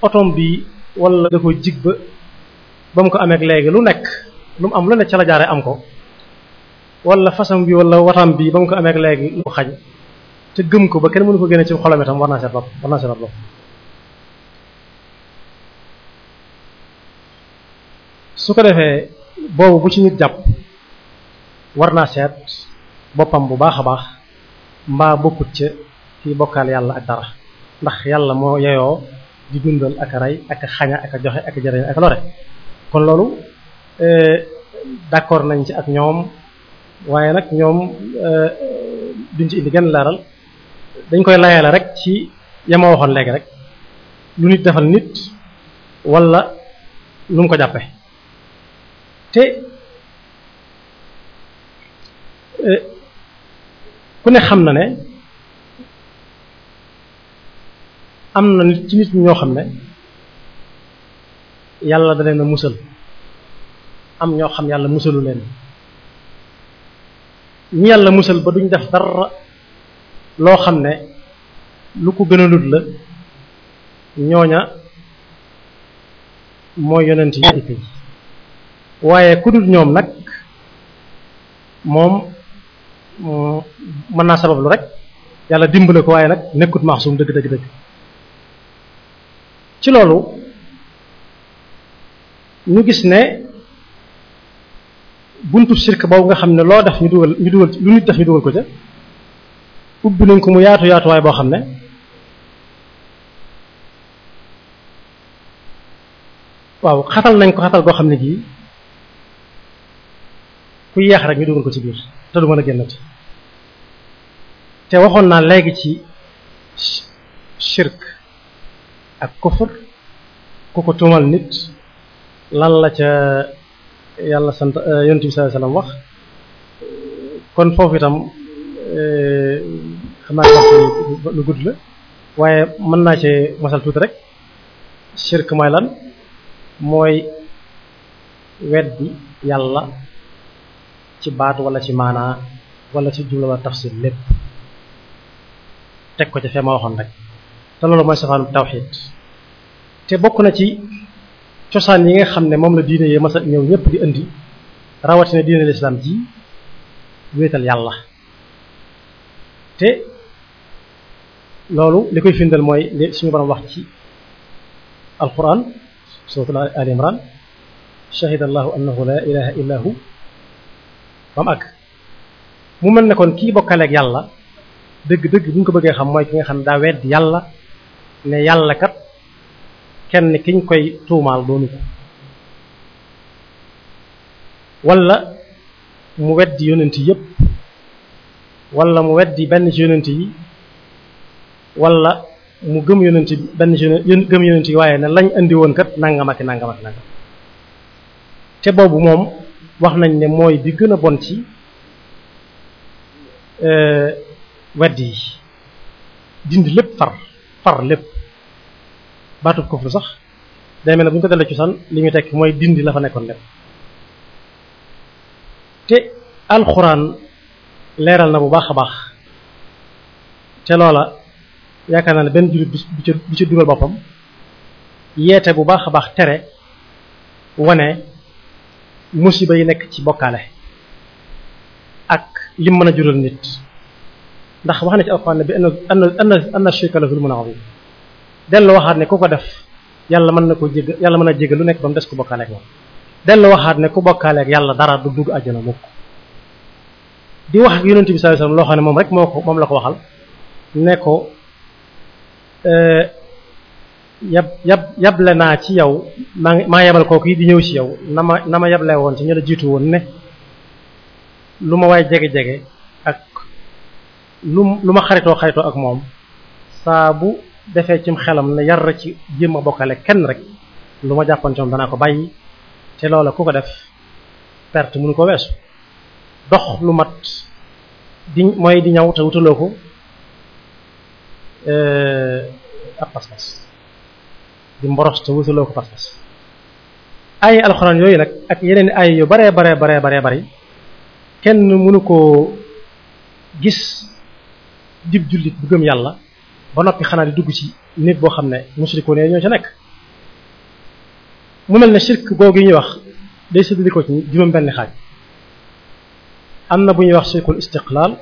otom bii wala da ko jig ba ba mu ko amee ak léegi lu nekk lu mu am lu ne ca la jaare am ko wala façon bi walla watam bii ba mu ko amee ak léegi lu xañ te gëm ko ba kenn mënu ko génne ci xolam itam war naa seet bopp war naa seet bopp ko defee boobu ci jàpp war naa seet boppam bu baax a baax mbaa bokkut ca kii bokkaal yàlla ak dara ndax yàlla moo yeyoo di dundal ak rey ak a xaña ak joxe ak a jëriñ ak a lore kon loolu euh, d'accord nañ ci ak ñoom waaye nag ñoom euh, duñ ci indi genn laaral dañ koy layala rek ci yama waxoon léegi rek lu nit defal nit wala lu ko jàppe te euh, ku ne xam na ne am na nit ci nit ñoo xam ne yàlla dale leen musal am ñoo xam yàlla musalu leen ñi yàlla musal ba duñ def dara loo xam ne lu ko gën a lut la ñooña mooy yonent yi waaye ku ñoom nag moom mm, mën naa sabablu rek yàlla dimbale ko waaye nag nekkut maasum dëgg dëgg dëgg ci loolu ñu gis ne buntu sirk boobu nga xam ne loo def ñu dugal ñu dugal lu nit def ñu dugal ko ca ubbi nañ ko mu yaatu yaatuwaay boo xam ne waaw xatal nañ ko xatal goo xam ne gii ku yeex rek ñu dugal ko ci biir te du mën a génnati te waxoon naa léegi ci shirk ak kufur ku ko tuumal nit lan la ca yàlla sant eh, yonent bi sallallahu alayhi wax kon foofu itam eh, xam naa lu gudd la waaye mën naa ci masal tuuti rek shirk mooy lan mooy weddi yàlla ci baat wala ci maanaa wala ci jumla wala tafsir lépp teg ko ca fee waxoon rek te loolu mooy safaanu tawxiid te bokk na ci cosaan yi nga xam ne moom la diine yee masa ñëw ñëpp di indi rawatina diine lislaam ji wéetal yàlla te loolu li koy findal mooy li suñu borom wax ci alxuraan suratul al imran shahida allahu annahu la ilaha illa hu àgg mu mel ne kon kii bokkaleeg yàlla dëgg-dëgg bu ñu ko bëggee xam mooy ki nga xam ne daa wedd yàlla ne yàlla kat kenn kiñ koy tuumaal doonu ko wala mu weddi yonent yépp wala mu weddi benn ci yonent yi wala mu gëm yonent benn ci gëm yonent yi waaye ne lañ indi woon kat nangam ak nangam te boobu moom wax nañ ne mooy bi gën a bon ci euh, weddi yi dind lépp far far lépp baatu kufru sax day mel ne bu ñu ko dellee cosaan li muy tekk mooy dindi la fa nekkoon lépp te alxuraan leeral na bu baax a baax te loola yaakaar naa ne benn jullit bu ci bu boppam yeete bu baax a baax tere wane musiba yi nekk ci bokkaale ak lim mën a jural nit ndax wax na ci alxuraan ne bi anna shirka la zulmun azim dellu waxaat ne ku ko def yàlla mën na ko jégg yàlla mën a jégg lu nekk ba mu des ku bokkaaleeg moom dellu waxaat ne ku bokkaaleek yàlla dara du dugg àjjana mukk di wax ak yonent bi sallallahu alayhi loo xam ne moom rek moo ko moom la ko waxal ne ko yab yab yable naa ci yow maa ngi maa yebal kooku yi di ñëw ci yow na ma na ma yable woon ci ñu la jiitu woon ne lu ma waay jege-jege lu lu ma xaritoo xaritoo ak moom saa bu defee cim xelam ne yar ci jéem a bokkale kenn rek lu ma jàppoon ci moom danaa ko bàyyi te loola ku ko def perte mënu ko weesu dox lu mat di mooy di ñaw te wutaloo ko euh, ak pas-pas di mboros te wutaloo ko pas-pas ay alxuraan yooyu nag ak yeneen ay yu baree baree bare baree bari kenn mënu koo gis dib jullit bu gëm yàlla ba noppi xanaa di dugg ci néeg boo xam ne musrikoon yi ñoo ca nekk mu mel ne shirk googu yi ñuy wax day séddale ko ci juróom benn xaaj am na bu ñuy wax shirkul istiqlaal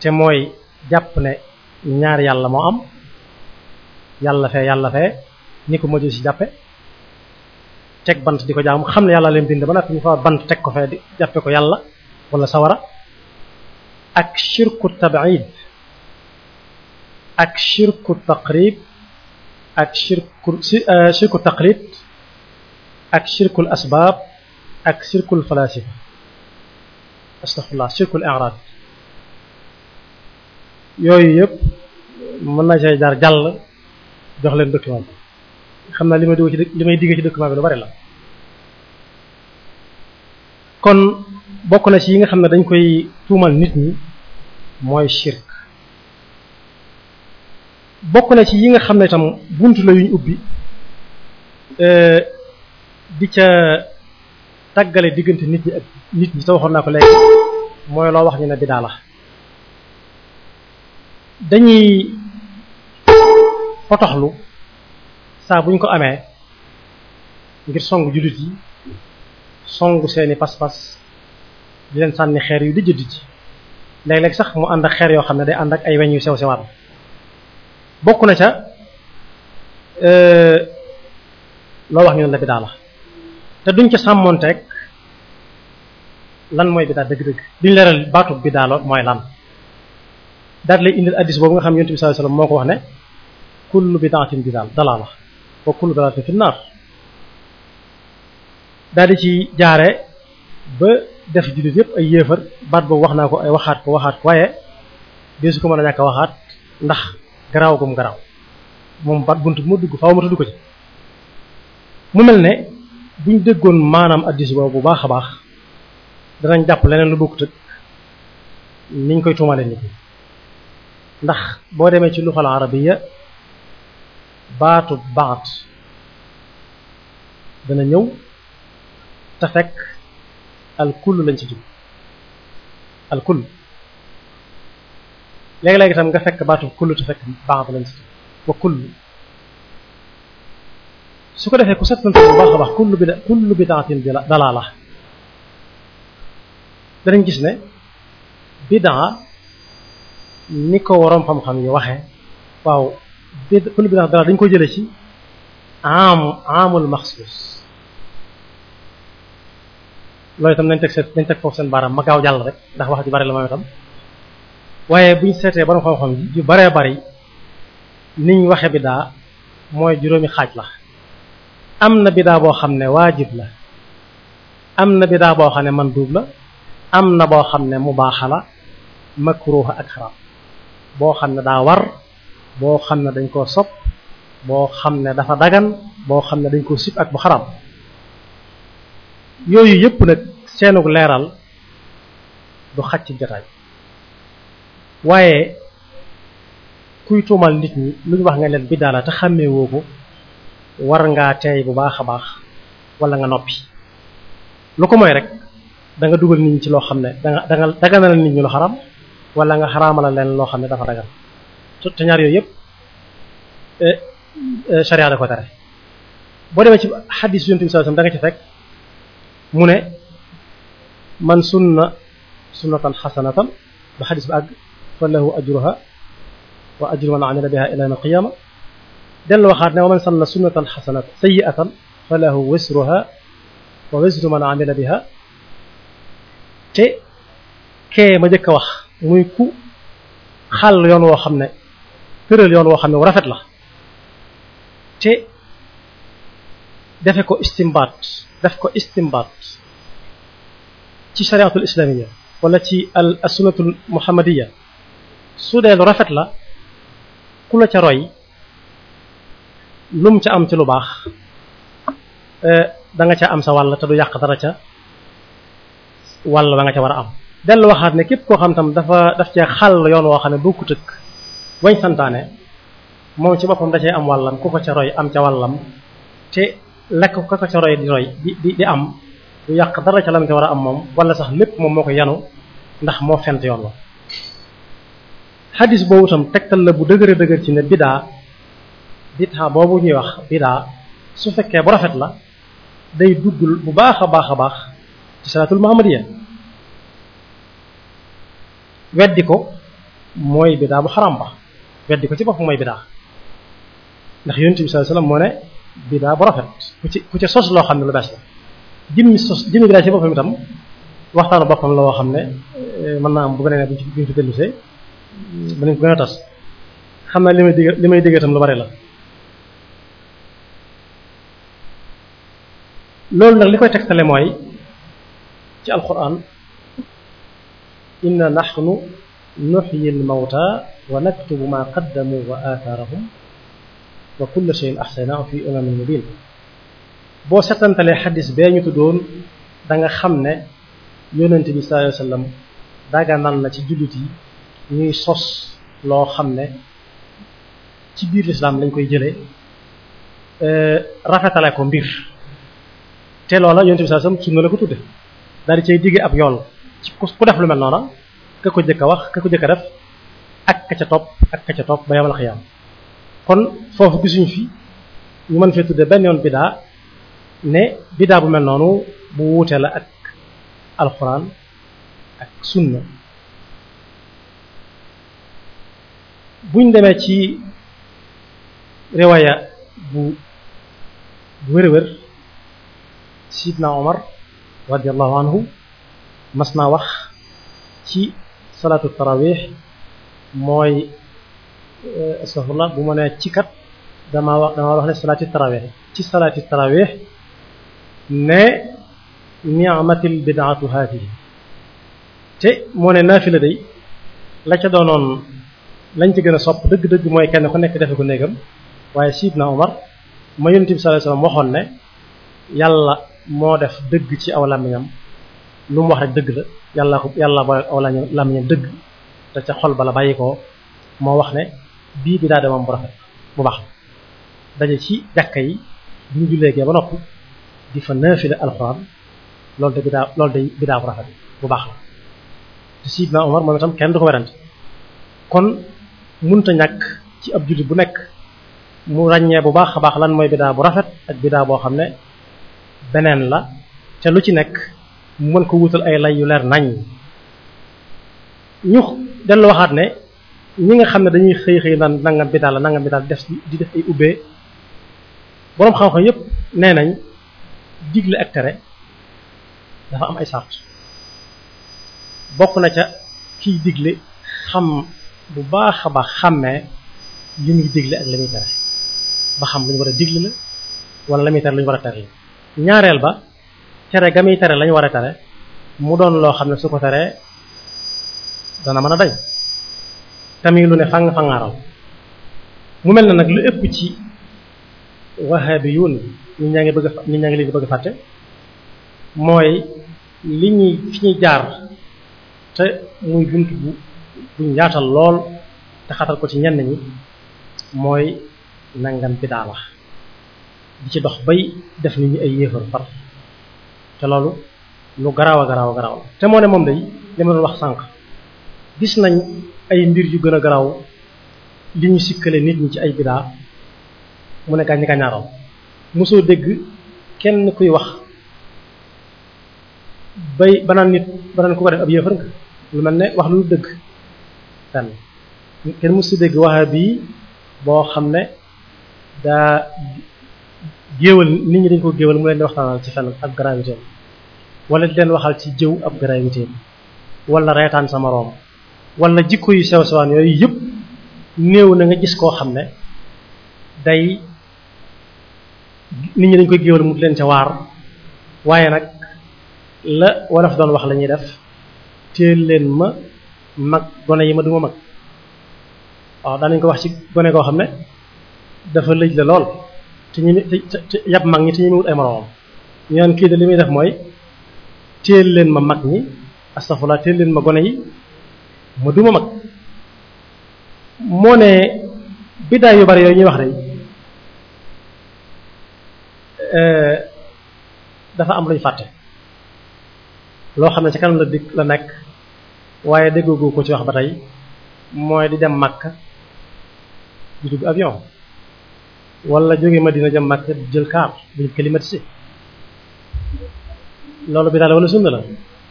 te mooy jàpp ne ñaar yàlla moo am yàlla fee yàlla fee ni ko mojj ci jàppe teg bant di ko jaamu xam ne yàlla leen bind ba noppi ñu fa bant teg ko fee di jàppe ko yàlla wala sawara ak shirku tabaid ak shirku taqrib ak shirku eh, shirku ak shirkul asbaab ak shirkul falaasifa astaghfirullah shirkul i'raad yooyu yëpp mën na say jaar jal jox leen document bi xam naa li may dugg ci li may la kon bokk na ci yi nga xam ne dañ koy tuumal nit ñi mooy shirk bokk na ci yi nga xam ne itam bunt la ñu ubbi euh, di ca tàggale diggante nit ñi ak nit ñi te waxoon naa ko léegi mooy loo wax ñu ne bidaa la dañuy potoxlu saa buñ ko amee ngir songu jullit yi songu seeni pas-pas di leen sànni xeer yu dijj dijj léeg-léeg sax mu ànd ak xeer yoo xam ne day ànd ak ay weñ yu sew sewaat bokk na ca euh, loo wax ñu ne la bidaa la te duñ ca sàmmoonteeg lan mooy bidaa dëgg-dëgg duñ leeral baatu bidaa la mooy lan daal lay indil addis boobu nga xam yonent bi sallallahu moo ko wax ne kullu bidaatin bidaal dalaala wa kullu dalaatin fi naar daal di ci jaare ba def jullit yëpp ay yéefar baat boobu wax naa ko ay waxaat ko waxaat ko waaye deesu ko mën a ñàkk a waxaat ndax garaaw gum garaaw moom baat bunt bu ma dugg faaw ma tudd ko ci mu mel ne buñ déggoon maanaam addis boobu bu baax a baax danañ jàpp leneen lu bokkut ak koy tuumale nit ndax boo demee ci luxal arabiya baatu baat dana ñëw te al kull lañ ci jub al kull léegi-léegi tam nga fekk baatu kull te fekk baax lañ ci wa kull su ko defee ku settantu bu baax a baax kullu bi kullu bidaatin dalaala darañ gis ne bidaa ni ko waroom xam-xam yi waxee waaw kullu bidaa dalaala dañ ko jëlee ci am amul maxsuus loolu itam nañ teg seen nañ teg foofu seen baaraam ma gaaw jàll rek ndax wax ji bari la mooy itam waaye seetee borom yu baree bari niñ waxe bidaa mooy juróomi xaaj la am na bidaa boo xam ne waajib la am na bidaa boo xam ne manduub la am na boo xam ne mubaaxa la makruh ak xaraam boo xam ne daa war boo xam ne dañ koo sopp boo xam ne dafa dagan boo xam ne dañ koo sib ak bu xaraam yooyu yëpp nag seenu leeral du xaj ci jotaay waaye kuy tuumal nit ñi lu ñu wax nga leen bi la te xàmmee woo ko war ngaa teey bu baax a baax walla nga noppi lu ko mooy rek danga dugal nit ñi ci loo xam ne danga danga daganal nit ñi lu xaram wala nga xaraamala leen loo xam ne dafa dagan te ñaar yooyu yëpp eh, eh, sharia da ko tere boo demee ci xadis yonent bi sallallahu alayhi wasallam da ci fekk mu ne man sunna sunnatan xasanatan ba xadis ba àgg fa lahu ajruha wa ajru man amila biha ila yawm alqiyama dellu waxaat ne wa man sanna sunnatan xasanatan sayiatan fa lahu wisruha wa wisru man amila biha te kee ma njëkk a wax muy ku xàll yoon woo xam ne tëral yoon woo xam ne wu rafet la te defe ko istimbaat def ko istimbaat ci chariatul islamiyya wala ci al sunnatul muhammadiyya su dee lu rafet la ku la ca roy lum ca am ci lu baax eh, da nga ca am sa wàll te du yàq dara ca wàll ba nga ca war a am dellu waxaat ne képp koo xam tam dafa daf cee xàll yoon woo xam ne bokku tëkk wañ santaane moom ci boppam da cee am wàllam ku ko ca roy am ca wàllam te lekk ko ko ca roy di roy di di am lu yàq dara ca lam te war a am moom wala sax lépp moom moo ko yanu ndax moo fent yoon wa xadis boobu itam tegtal la bu dëgëre dëgër ci ne bidaa bidaa boobu ñuy wax bidaa su fekkee bu rafet la day duggul bu baax a baax a baax ci salaatul muhammadiya weddi ko mooy bidaa bu xaram ba weddi ko ci bopp mooy bidaa ndax yonent bi sallallahu alayhi wasallam moo ne bidaa bu rafet ku ci ku ci sos loo xam ne lu bees la jëmmi sos jëmmi village boppam itam waxtaanu boppam la woo xam ne eh, mën naa am bu beneen bi ñu fi dellusee eh, danañ ko gën a tas xam naa li may dégg li may dégg itam lu bari la loolu nag li koy tegtale mooy ci alquran inna naxnu nuxyi almawta wa naktubu ma qaddamu wa athaarahum wa kulla shay'in axsaynaahu fi imamin mubin boo setantalee xadis bee ñu tuddoon da nga xam ne yonent bi sallallahu alayhi wasallam daganal na ci jullit yi ñuy sos loo xam ne ci biir lislaam lañ koy jëlee euh, rafetale ko mbir te loola yonent bi sallallahu alayhi wasallam sunna la ko tudde daal cay digge ab yool ci ku def lu mel noona ka ko jëkk wax ka ko jëkk def ak ka ca topp ak ka ca topp ba yamal xiyaam kon foofu gisuñu fi ñu mën fee tudde benn yoon bidaa ne bidaa bu mel noonu bu wuute la ak alxuraan ak sunna buñ demee ci riwaaya bu bu wér-wér sidna omar radiallahu anhu mas naa wax ci salaatu tarawih mooy astafurlah bu ma nee ci kat dama wax dama wax ne salaati tarawih ci salaati tarawih ne ni'matil bid'atu haatihi te moo ne naafila day la ca doonoon lañ ci gën a sopp dëgg-dëgg mooy kenn ku nekk defe ko néegam waaye siib na Omar ma yonent bi sallallahu alayhi wasallam waxoon ne yàlla moo def dëgg ci aw làmmiñam lu mu wax rek dëgg la yàlla ko yàlla boole aw làmmiñam dëgg te ca xol bala bàyyi ko moo wax ne bii bi daa demam bu rafet bu baax daje ci jàkka yi bu ñu jullee gee ba noppi di fa naafila alxuraan loolu de bidaa bidaa bu rafet bu baax la te Sidna Omar moom itam kenn du ko werante kon munta ñàkk ci ab jullit bu nekk mu ràññee bu baax a baax lan mooy bidaa bu rafet ak biddaa boo xam ne beneen la te lu ci nekk mu mën ko wutal ay lay yu leer nañ ñu dellu waxaat ne ñi nga xam ne dañuy xëy xëy naan nangam bidaa la nangam bidaa def di def ay ubbee boroom xam-xam yépp nee nañ digle ak tere dafa am ay sart bokk na ca kiy digle xam bu baax a baax xàmmee li muy digle ak la muy tere ba xam lu ñu war a digle la wala la muy tere lu war a tere ñaareel ba tere ga muy tere la war a tere mu doon loo xam ne su ko teree dana mën a dañ tamit lu ne fang-fangaaral mu mel na nag lu ëpp ci wahabiyun nit ñaa ngi bëgg a nit ñaa ngi leen bëgg a fàtte mooy li ñuy fi ñuy jaar te muy bunt bu buñ yaatal lool te xatal ko ci ñenn ñi mooy nangam bi daala di ci dox bay def nit ñu ay yéefar far te loolu lu garaaw a garaaw a garaaw la te moo ne moom day li ma wax sànq gis nañ ay mbir yu gën a garaaw li ñu sikkale nit ñi ci ay bidaa mu ne gàññi gàññaaral mosoo dégg kenn kuy wax bay banaan nit banaan ku ko def ab yéefar nga lu mel ne wax lu dëgg tànn kenn mosu dégg waxa bii boo xam ne daa géewal nit ñi dañ ko géewal mu leen di waxtaanal ci fenn ab gravité wala di leen waxal ci jëw ab gravité walla reetaan sama room wala jikko yu sew sewaan yooyu yëpp néew na nga gis koo xam ne day nit ñi dañ koy géwal mu leen ca waar waaye nag la wolof doon wax lañuy def téel leen ma mag gone yi ma du ma mag waaw daanañ ko wax ci gone koo xam ne dafa lëj la lool te ñu te yàpp mag ñi te ay moroomam ñu kii de li muy def mooy téel leen ma mag ñi astafurlah téel leen ma gone yi ma du ma mag moo ne biddaay yu bari yooyu ñuy wax de Euh, dafa am luñ fàtte loo xam ne ci kanam la dikk la nekk waaye déggoo ko ci wax ba tey mooy di dem Makka di dugg avion wala jóge Madina jëm Makka jël kaar buñu climatisé loolu bi daal wala sunna la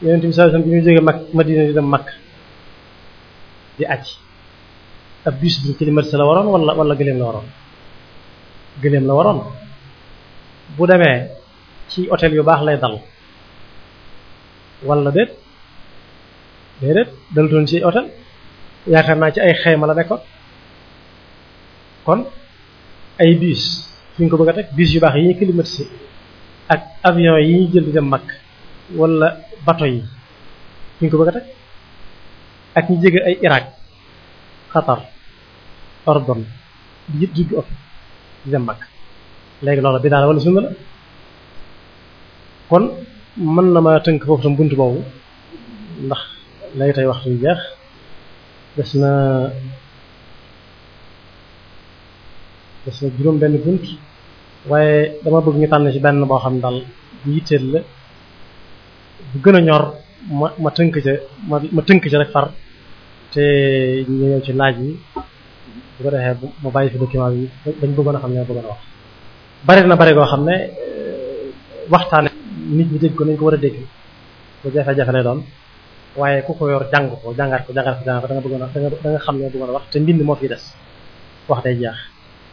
yonent bi sallallahu alayhi wasallam bi muy jóge Makka Madina di dem Makka di aj ab bus buñu la waroon wala wala gëléem la waroon gëléem la waroon bu demee ci hôtel yu baax lay dal wala déet déedéet daltoon ci hôtel yaakaar naa ci ay xayma la nekkoon kon ay bus fi ñu ko bëgg teg biis yu baax yi ñu climatisé ak avion yi ñu jël di dem mag wala bateau yi fi ñu ko bëgg teg ak ñu jege ay Irak Qatar Ordon di yëpp di dem mag léegi loola biddaa la wala sunna la kon mën na ma tënk foofu tam bunt boobu ndax léegi wax waxtu jeex des na des na juróom benn bunt waaye dama bëgg ñu tànn ci benn boo xam daal bu yitteel la bu gën a ñor ma ma tënk ca ma ma tënk ca rek far te ñu ñëw ci laaj yi bu ko defee ma bàyyi fi document bi dañ bëggoon a xam ne bëggoon a wax bare na bare goo xam ne euh, waxtaan nit ñi dégg ko nañ ko war a dégg bu jafe-jafe lay doon waaye ku ko yor jàng ko jàngaat ko jàngaat ko jàngaat ko da nga bëggoon a xam ne bëggoon a wax te mbind moo fi des wax day jeex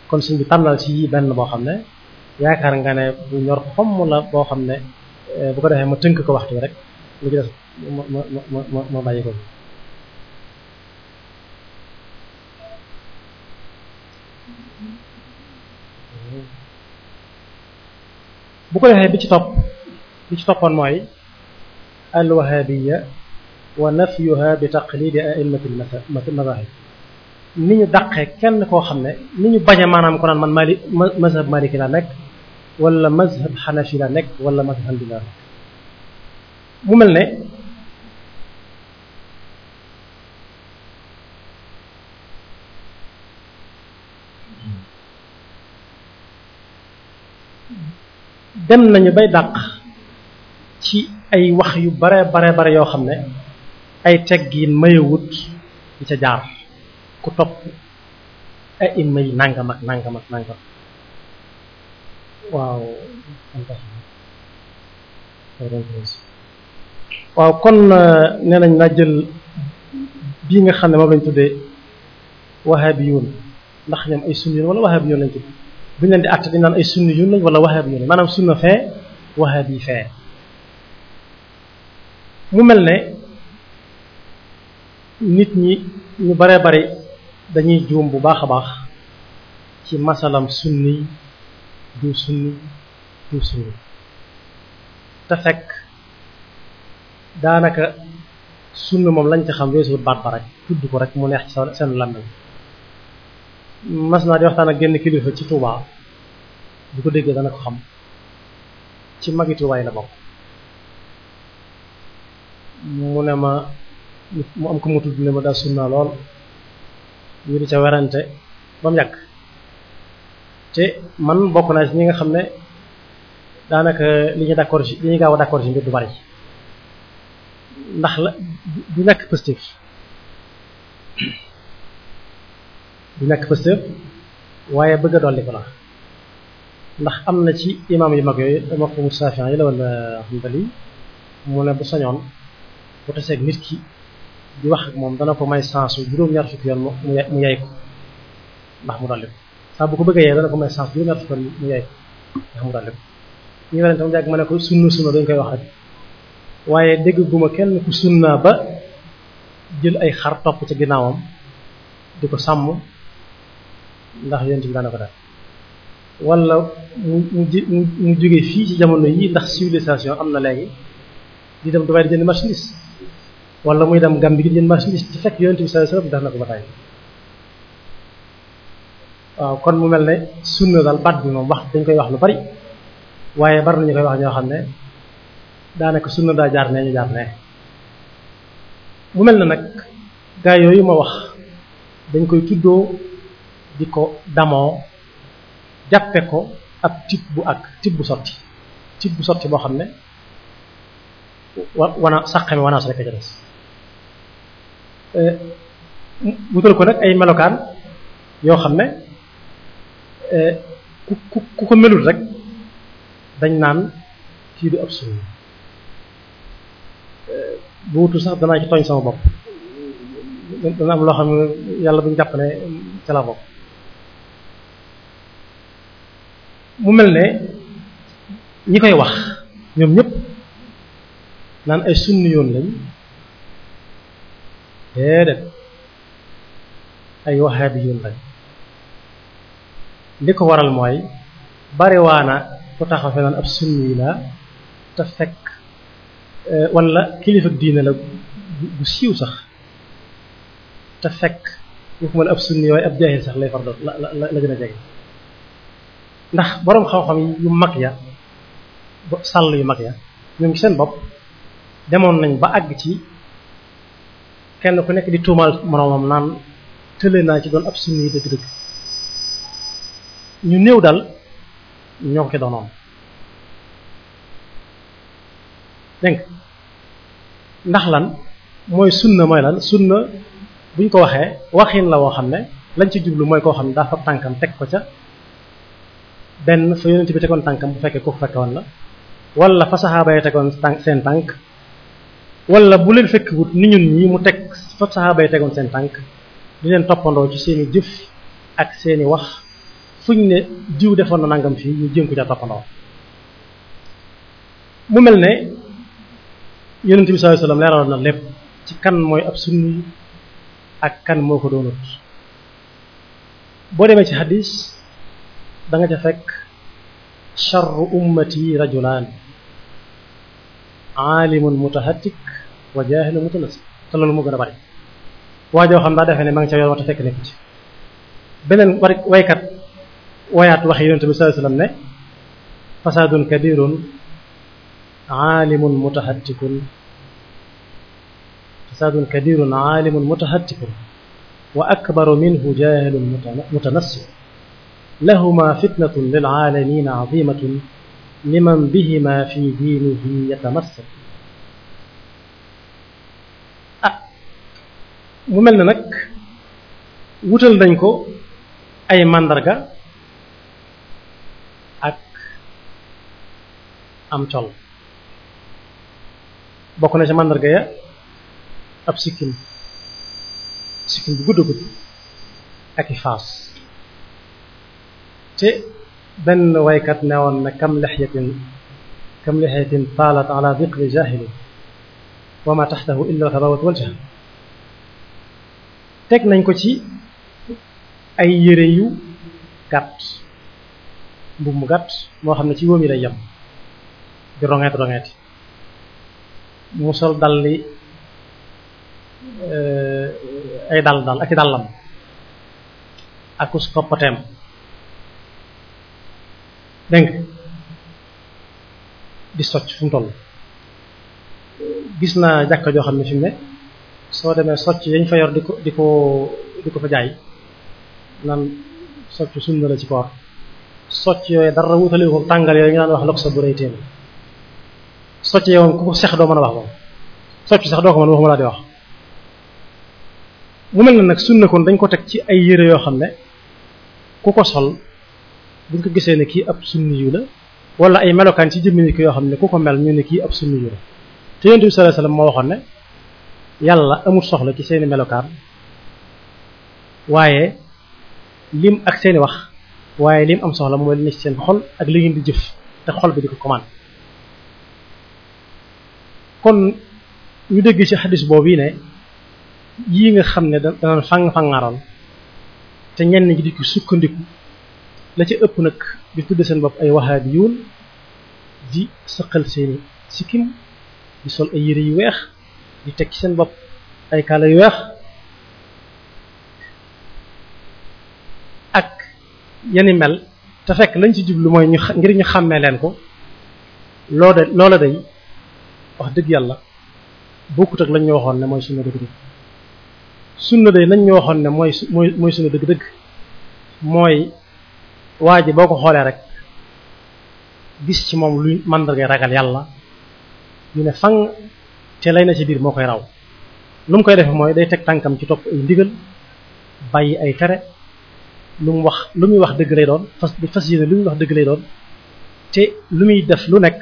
kon si bi tànnal si yi benn boo xam ne yaakaar nga ne bu ñor xomm la boo xam ne euh, bu ko defee ma tënk ko waxtu rek lu ci des ma ma ma ma bàyyi ko bu ko defee bi ci topp bi ci toppoon mooy alwahabiya wa nafyuha bi taqlidi aimati almadahib ni ñu daqee kenn koo xam ne ni ñu bañe maanaam ko naan man ma mazhab maliki laa nekk wala mazhab xanafi nekk wala mazhab xanbi laa nekk mu mel ne dem nañu bay dàq ci ay wax yu bare bare bare yoo xam ne ay teg teggiin mayewut di ca jaar ku topp ay imma yi nangam ak nangam ak nangam waaw waaw kon nee nañ naa jël bii nga xam ne moom lañ tuddee wahabiyun ndax ñoom ay sunniyun wala wahabiyun lañ tuddee buñu leen di àtte ay sunni yu lañ wala wahabi yu lañ maanaam sunna fee yi fee mu mel ne nit ñi ñu baree bari dañuy juum bu baax a baax ci masalam sunni du sunni du sunni te fekk daanaka sunn moom lañ ci xam weesu baat ba rek tudd ko rek mu neex ci seen làmmiñ mas naa di waxtaan ak genn kilifa ci Touba bu ko déggee dana ko xam ci magi Touba yi la bokk mu ne ma mu am ko mu tudd ne ma daal sunna lool ñu di ca werante ba mu yàgg te man bokk naa ci ñi nga xam ne daanaka li ñu d'accord ci li ñu gaaw a d'accord ci mbir du bari ndax la du nekk positif du nekk Pastef waaye bëgga a dolli ko la ndax am na ci imaam yu mag yooyu dama ko Shaafi'i yi la wala Hanbali mu ne bu sañoon bu taseeg nit ki di wax ak moom dana ko may sansu juróom-ñaar fukki yoon mu yay ko ndax mu dolli ko saa bu ko bëggee yee dana ko may sansu juróom-ñaar fukki yoon mu yay ko ndax mu dolli ko ñu werante mu jàgg ma ne ko sunna sunna dañ koy wax rek waaye dégg guma kenn ku sunna ba jël ay xar topp ci ginnaawam di ko sàmm ndax yonent bi daana ko def wala mu mu mu fii ci jamono yii ndax civilisation am na léegi di dem Dubaay di jënd marchandise wala muy dem Gambie di jënd marchandise ci fekk yonent bi sallallahu alayhi wasallam def na ko ba tey waaw kon mu mel ne sunna daal baat bi moom wax dañ koy wax lu bari waaye bari nañu koy wax ñoo xam ne daanaka sunna daa jaar nee ñu jaar nee mu mel ne nag gaa yooyu ma wax dañ koy tuddoo di ko damoo jàppe ko ab tib bu ak tib bu sotti tib bu sotti boo xam ne wa wana saqami wanaas rek a ca des eh, wutal ko nag ay melokaan yoo xam ne eh, ku ku ku ko melul rek dañ naan kii du ab sunni eh, bu wutul sax danaa ci tooñ sama bopp dana am loo xam ne yàlla buñ ñu jàpp ne ca mu mel ne ñi koy wax ñoom ñëpp naan ay sunni yoon lañ déedéet ay wahabi yoon lañ li ko waral mooy bariwaana ku taxaw fe naan ab sunni la te fekk eh, wala kilifa diine la bu siiw sax te fekk waxuma la ab sunni waaye ab jaahil sax lay far doon la la la gën a jege ndax boroom xaw xam yu mag ya sàll yu mag ya ñoom ci seen bopp demoon nañ ba àgg ci kenn ku nekk di tuumaal moroomam naan tële naa ci doon ak sunni dëgg-dëgg ñu néew dal ñoo ko ci doonoon dégg ndax lan mooy sunna mooy lan sunna buñ ko waxee waxin la woo xam ne lañ ci jublu mooy koo xam ne daa fa tànkam teg ko ca benn fa yonent bi tegoon tànkam bu fekkee ku fekkoon la wala fa saxaaba yi tegoon tànk seen tànk wala bu leen fekk wut ni ñun ñi mu teg fa saxaaba yi tegoon seen tànk di leen toppandoo ci seeni jëf ak seeni wax fu ne jiw defoon na nangam fii ñu jéem ko ca toppandoo mu mel ne yonent bi sallallahu alayhi leeraloon na lépp ci kan mooy ab sunni ak kan moo ko doonut boo demee ci hadis da nga ca fekk charru ummati rajulaan aalimun mutahattik wa jaahilun mutanasib te loolu moo gën a bari waajoo xam daa defee ne ma nga ca yoon wax te fekk nekk ci beneen war waykat wayaat wax yonent bi sallallahu alayhi wasallam ne fasaadun kabirun aalimun mutahattikun fasaadun kabirun aalimun mutahattikun wa akbaru minhu jaahilun mutanassib لهما فتنة للعالمين عظيمة لمن بهما في دينه يتمسك ah, mu mel ne nag wutal nañ ko ay màndarga ak am col bokk na ci màndarga ya ab sikkim sikkim bu ak i te benn waykat ne woon na kam lixyatin kam lixyatin taalat ala diqri jahili wa ma taxtahu illa alxabawat wal jahl teg nañ ko ci ay yére yu gàtt mbubb mu moo xam ne ci wóom yi lay yem di rongeet rongeet mu sol dalli eh, ay dàll daal ak i dàllam dégg nga di socc fu mu gis naa jàkka joo xam ne fi ne soo demee socc yañ fa yor di ko di ko di ko fa jaay naan socc sunna la ci koor socc yooyu dara wutale ko tàngal yooyu ñu naan wax lok sa bu rëy téem socc yooyu ku ko sex doo mën a wax moom socc sax doo ko mën waxuma laa di wax mu mel na nag sunna kon dañ ko teg ci ay yére yoo xam ne ku ko sol buñ ko gisee ne kii ab sunni la wala ay melokaan ci jëmmi nit yoo xam ne ku ko mel ñu ne kii ab sunni yu la te yonent bi sallallahu alayhi moo waxoon ne yàlla amul soxla ci seeni melokaan waaye lim ak seeni wax waaye lim am soxla mooy ne seen xol ak li ngeen di jëf te xol bi di ko commande kon ñu dégg ci xadis boobu yi ne yii nga xam ne dana fang fangaroon te ñenn ñi di ko sukkandiku la ca ëpp nag di tudde seen bopp ay waxaat wahabiyuun di sëqal seen sikkim di sol ay yére yu weex di teg ci seen bopp ay kaala yu weex ak yeni mel te fekk lañ ci jublu mooy ñu ngir ñu xàmmee leen ko loo de loola day wax dëgg yàlla bokkut ak lañ ñu waxoon ne mooy sunna dëgg-dëgg sunna day lañ ñu waxoon ne mooy mooy mooy sunna dëgg-dëgg mooy waa ji boo ko xoolee rek gis ci moom lu màndargay ragal yàlla ñu ne fang te lay na ci biir moo koy raw lu mu koy defee mooy day teg tànkam ci topp ay ndigal bàyyi ay tere lu mu wax lu muy wax dëgg lay doon fas fas yéene lu muy wax dëgg lay doon te lu muy def lu nekk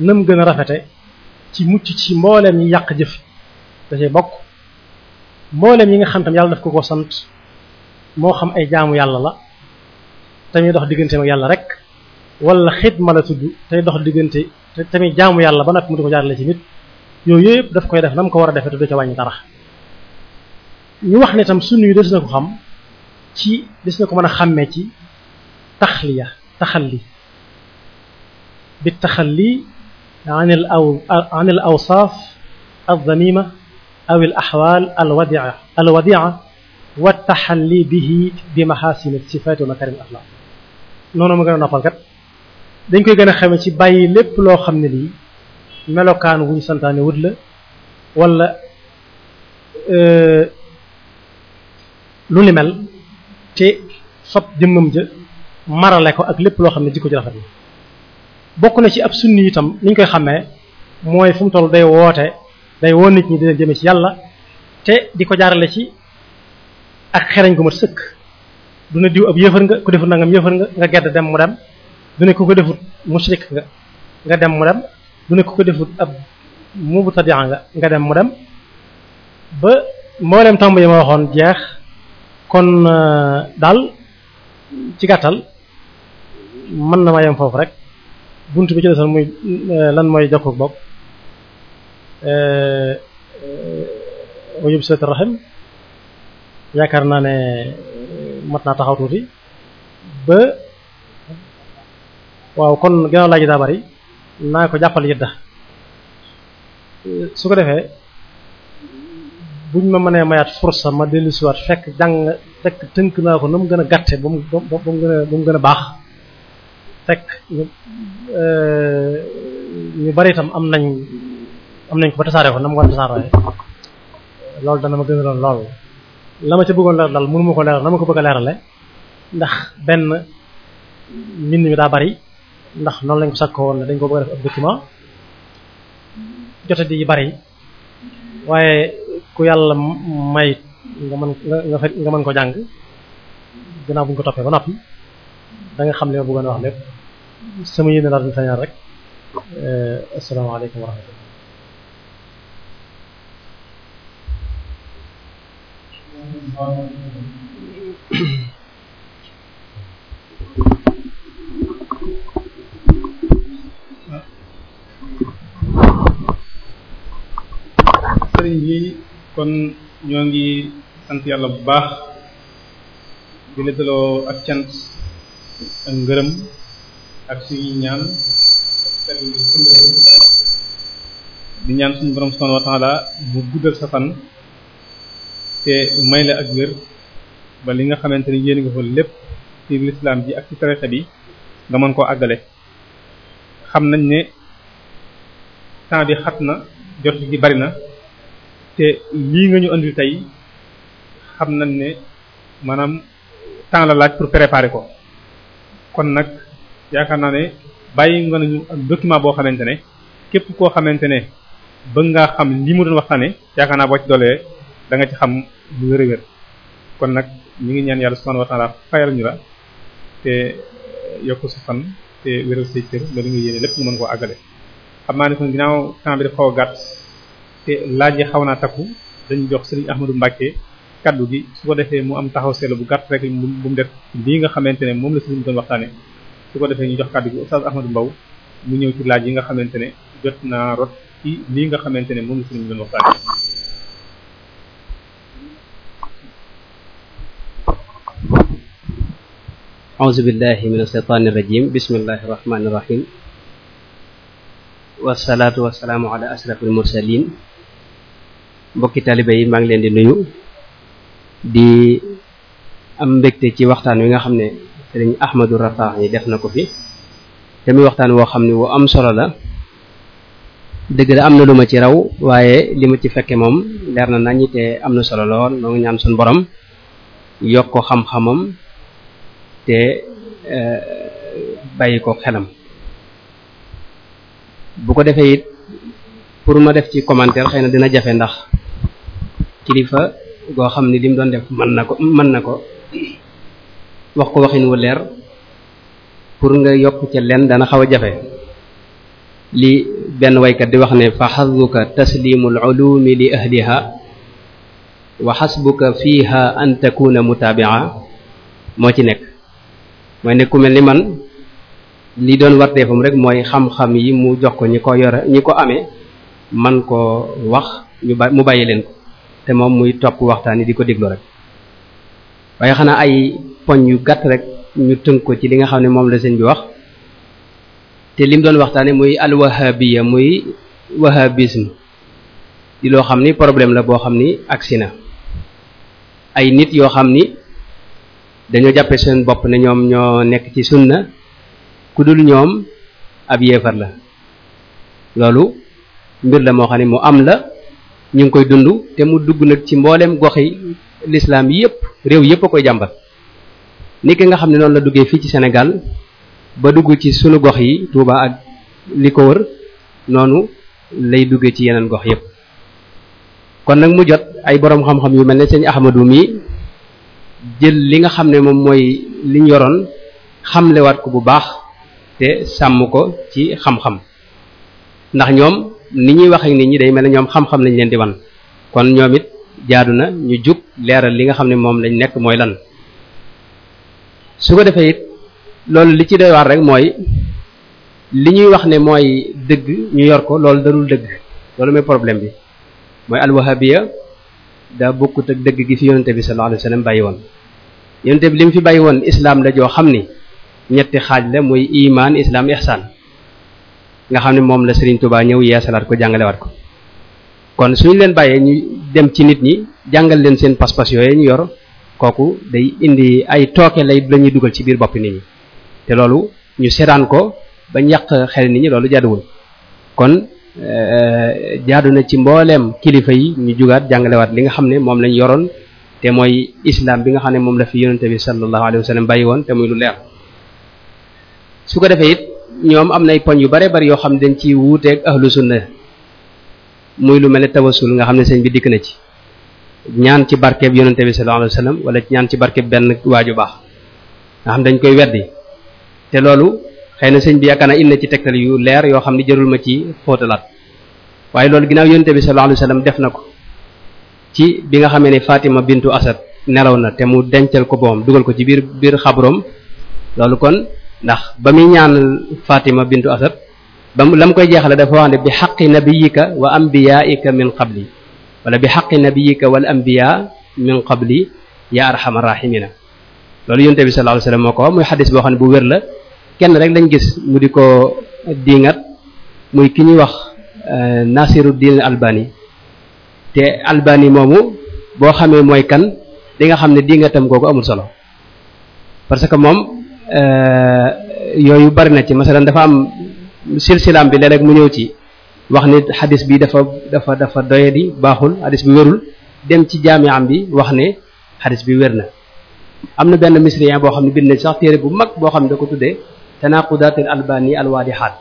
nam gën a rafete ci mucc ci mbooleem yi yàq jëf da cay bokk mbooleem yi nga xam tam yàlla daf ko ko sant moo xam ay jaamu yàlla la tamit dox digganteem ak yàlla rek wala xidma la tudd tey dox diggante te tamit jaamu yàlla ba nag mu di ko jaarale ci nit yooyu yëpp daf koy def na mu ko war a defee te du ca wàññi dara ñu wax ne tam sunna yu des na ko xam ci a xàmmee ci taxliya taxalli bi taxalli an al aw an al awsaaf al damima aw al axwaal al wadia bihi bi maxaasin sifaat wa makaarim al axlaaq noonu ma gën a noppal kat dañ koy gën a xame ci bàyyi lépp loo xam ne lii melokaan wuñ santaane wut la walla euh, lu ni mel te sob jëmmam jë marale ko ak lépp loo xam ne di ko rafet na bokk na ci ab sunni itam niñ koy xamee mooy fu mu toll day woote day woo nit ñi di leen jëme ci yàlla te di ko jaarale ci ak xereñ gu sëkk du ne diw ab yëfër nga ku defut nagam yëfër nga nga gedd dem mu dem du ku ko defut mushrik nga nga dem mu dem du ne ko defut ab mubtadi'a nga nga dem mu dem ba mboolem tomb yi ma waxoon jeex kon euh, daal ci gàttal mën na ma yem foofu rek bunt bi ci desoon muy euh, lan mooy jokkoo bokk euh, wajub seet rahim yaakaar naa ne mat naa taxaw tuuti ba waaw kon gannaaw laaj daa bari naa ko jàppal yëdda su ko defee buñ ma mënee mayaat fursa ma dellu siwaat fekk jàng fekk tënk naa ko na mu gën a gàtte ba mu ba mu gën a ba mu gën baax fekk eh, ñu bari itam am nañ am nañ ko ba tasaaree ko na mu war a tasaaree loolu dana ma gën a lool la ma ca bëggoon leer dal mënu ma ko leeral na ma ko bëgg a leerale ndax benn mbind mi daa bari ndax noonu lañ ko sakk woon dañ ko bëgg a def ab document jote di bari waaye ku yàlla may nga mën nga nga mën ko jàng ginnaaw bu ñu ko toppee ba noppi da xam ne ma bëggoon wax lépp sama yéene daal di feeñal rek eh, asalaamaaleykum wa rahmatullah sëriñ bi kon ñoo ngi sant yàlla bu baax di ak cant ak ngërëm ak si ñaan di ñaan suñu borom subhanahu wa mu guddal sa fan te may la ak wér ba li nga xamante ni yéen ngi fa lépp ci lislaam ji ak ci tarixa bi nga mën koo àggale xam nañ ne temps bi xat na jot gi bari na te lii nga ñu andil tey xam nañ ne maanaam temps la laaj pour préparer ko kon nag yaakaar naa ne bàyyi nga nañu ak document boo xamante ne képp koo xamante ne bëgg ngaa xam li mu doon waxtaane yaakaar naa boo ci doolee da nga ci xam lu wér a wér kon nag mu ngi ñaan yàlla subhanahu wa ta'ala fayal ñu la te yokk sa fan te wéral say cër loolu nga yéene lépp nga mën koo àggale xam naa ne kon ginnaaw temps bi xaw a gàtt te laaj yi xaw naa takku dañu jox Serigne Ahmadou Mbacke kaddu gi su ko defee mu am taxaw seetlu bu gàtt rek bu mu def lii nga xamante ne moom la Serigne doon waxtaane su ko defee ñu jox kaddu gi Oustaz Ahmadou Mbaw mu ñëw ci laaj yi nga xamante ne jot naa rot ci lii nga xamante ne moom la Serigne auzu billahi min asheytaani irajim bismillahi irrahmani irrahim wasalaatu wasalaamu ala ashrafil mursalin mbokki taalibe yi maa ngi leen di nuyu di am mbégte ci waxtaan wi nga xam ne sëriñ Ahmadou Rafahi yi def na ko fi te muy waxtaan woo xam ne wu am solo la dëgg la am na lu ma ci raw waaye li ma ci fekke moom leer na nañi te am na solo lool noo ngi ñaan suñu borom yokk ko xam-xamam te eh, bàyyi ko xelam bu ko defee it pour ma def ci commentaire xëy na dina jafe ndax kilifa goo xam ne lim doon def mën na ko mën na ko wax ko waxin wu leer pour nga yokk ca leen dana xaw a jafe li benn waykat di wax ne fa xasbuka taslimul ulumi li ahliha wa xasbuka fiha an takuna mutaabia moo ci nekk mooy ne ku mel ni man li doon warteefam rek mooy xam-xam yi mu jox ko ñi ko yore ñi ko amee man koo wax ñu ba mu bàyyi leen ko te moom muy topp waxtaan yi di ko déglu rek waaye xanaa ay poñ yu gàtt rek ñu tënk ko ci li nga xam ne moom la sëñ bi wax te lim doon waxtaane muy alwahabiya muy wahabisme di loo xam ni problème la boo xam ni agsi na ay nit yoo xam ni dañoo jàppe seen bopp na ñoom ñoo nekk ci sunna ku dul ñoom ab yéefar la loolu mbir la moo xam ne mu am la ñu ngi koy dund te mu dugg nag ci mbooleem gox yi lislaam yépp réew yépp a koy jàmbat ni ki nga xam ne noonu la duggee fii ci senegal ba dugg ci sunu gox yi Touba ak li ko wër noonu lay duggee ci yeneen gox yépp kon nag mu jot ay boroom xam-xam yu mel ne sëñ Ahmadou mi jël li nga xam ne moom mooy li ñu yoroon xamlewaat ko bu baax te sàmm ko ci xam-xam ndax ñoom ni ñuy waxee ak nit ñi day mel ne ñoom xam-xam lañ leen di wan kon ñoom it jaadu na ñu jug leeral li nga xam ne moom lañ nekk mooy lan su ko defee it loolu li ci doy waar rek mooy li ñuy wax ne mooy dëgg ñu yor ko loolu darul dëgg loolu mooy problème bi mooy alwahabiya daa bokkut ak dëgg gi fi yonente bi sallallahu alayhi wasallam bàyyi woon yonente bi li mu fi bàyyi woon islaam la joo xam ni ñetti xaaj la muy iman islaam ihsaan nga xam ne moom la Serigne Touba ñëw yeesalaat ko jàngalewaat ko kon suñu leen bàyyee ñuy dem ci nit ñi jàngal leen seen pas-pas yooyu ñu yor kooku day indi ay tooke lay la ñuy dugal ci biir boppi nit ñi te loolu ñu seetaan ko ba ñàq xel nit ñi loolu jàdduwul kon Eh, eh, jaadu na ci mbooleem kilifa yi ñu jugaat jàngalewaat li nga xam ne moom lañ yoroon te mooy islam bi nga xam ne moom la fi yonente bi sallallahu alayhi wa sallam bàyyi woon te muy lu leer su ko defee it ñoom am nay poñ yu bare bari yoo xam ne dañ ci wuuteeg ahlu sunna muy lu mel ne tawasul nga xam ne sëñ bi dikk na ci ñaan ci barkeb yonente bi sallallahu alayhi wa sallam wala ñaan ci barkeb benn waaju baax nga xam dañ koy weddi te loolu xëy na sëñ bi yaakaar naa indi na ci tegtal yu leer yoo xam ne jërul ma ci fóotalaat waaye loolu ginnaaw yonte bi sallallahu alayhi wasallam def na ko ci bi nga xamee ne Fatima bintu Asad nelaw na te mu dencal ko boom dugal ko ci biir biir xabrom loolu kon ndax ba muy ñaanal Fatima bintu Asad ba mu la mu koy jeexale dafa wax ne bi xaqi nabiyika wa ambiyaika min qabli wala bi xaqi nabiyika wal ambiya min qabli ya arhamar rahimina loolu yonte bi sallallahu alayhi wasallam moo ko wax muy xadis boo xam ne bu wér la kenn rek lañ gis mu di ko diingat muy ki ñuy wax euh, Nasiruddin Albani te Albani moomu boo xamee mooy kan di nga xam ne diingatam kooku amul solo parce que moom euh, yooyu bari na ci masalan dafa am silsilaam bi léeg-léeg mu ñëw ci wax ni xadis bi dafa dafa dafa doyadi baaxul xadis bi wérul dem ci jaami am bi wax ne xadis bi wér na am na benn misrien boo xam ne bind nañ sax téere bu mag boo xam ne da ko tuddee tanaqudat al albani al wadihat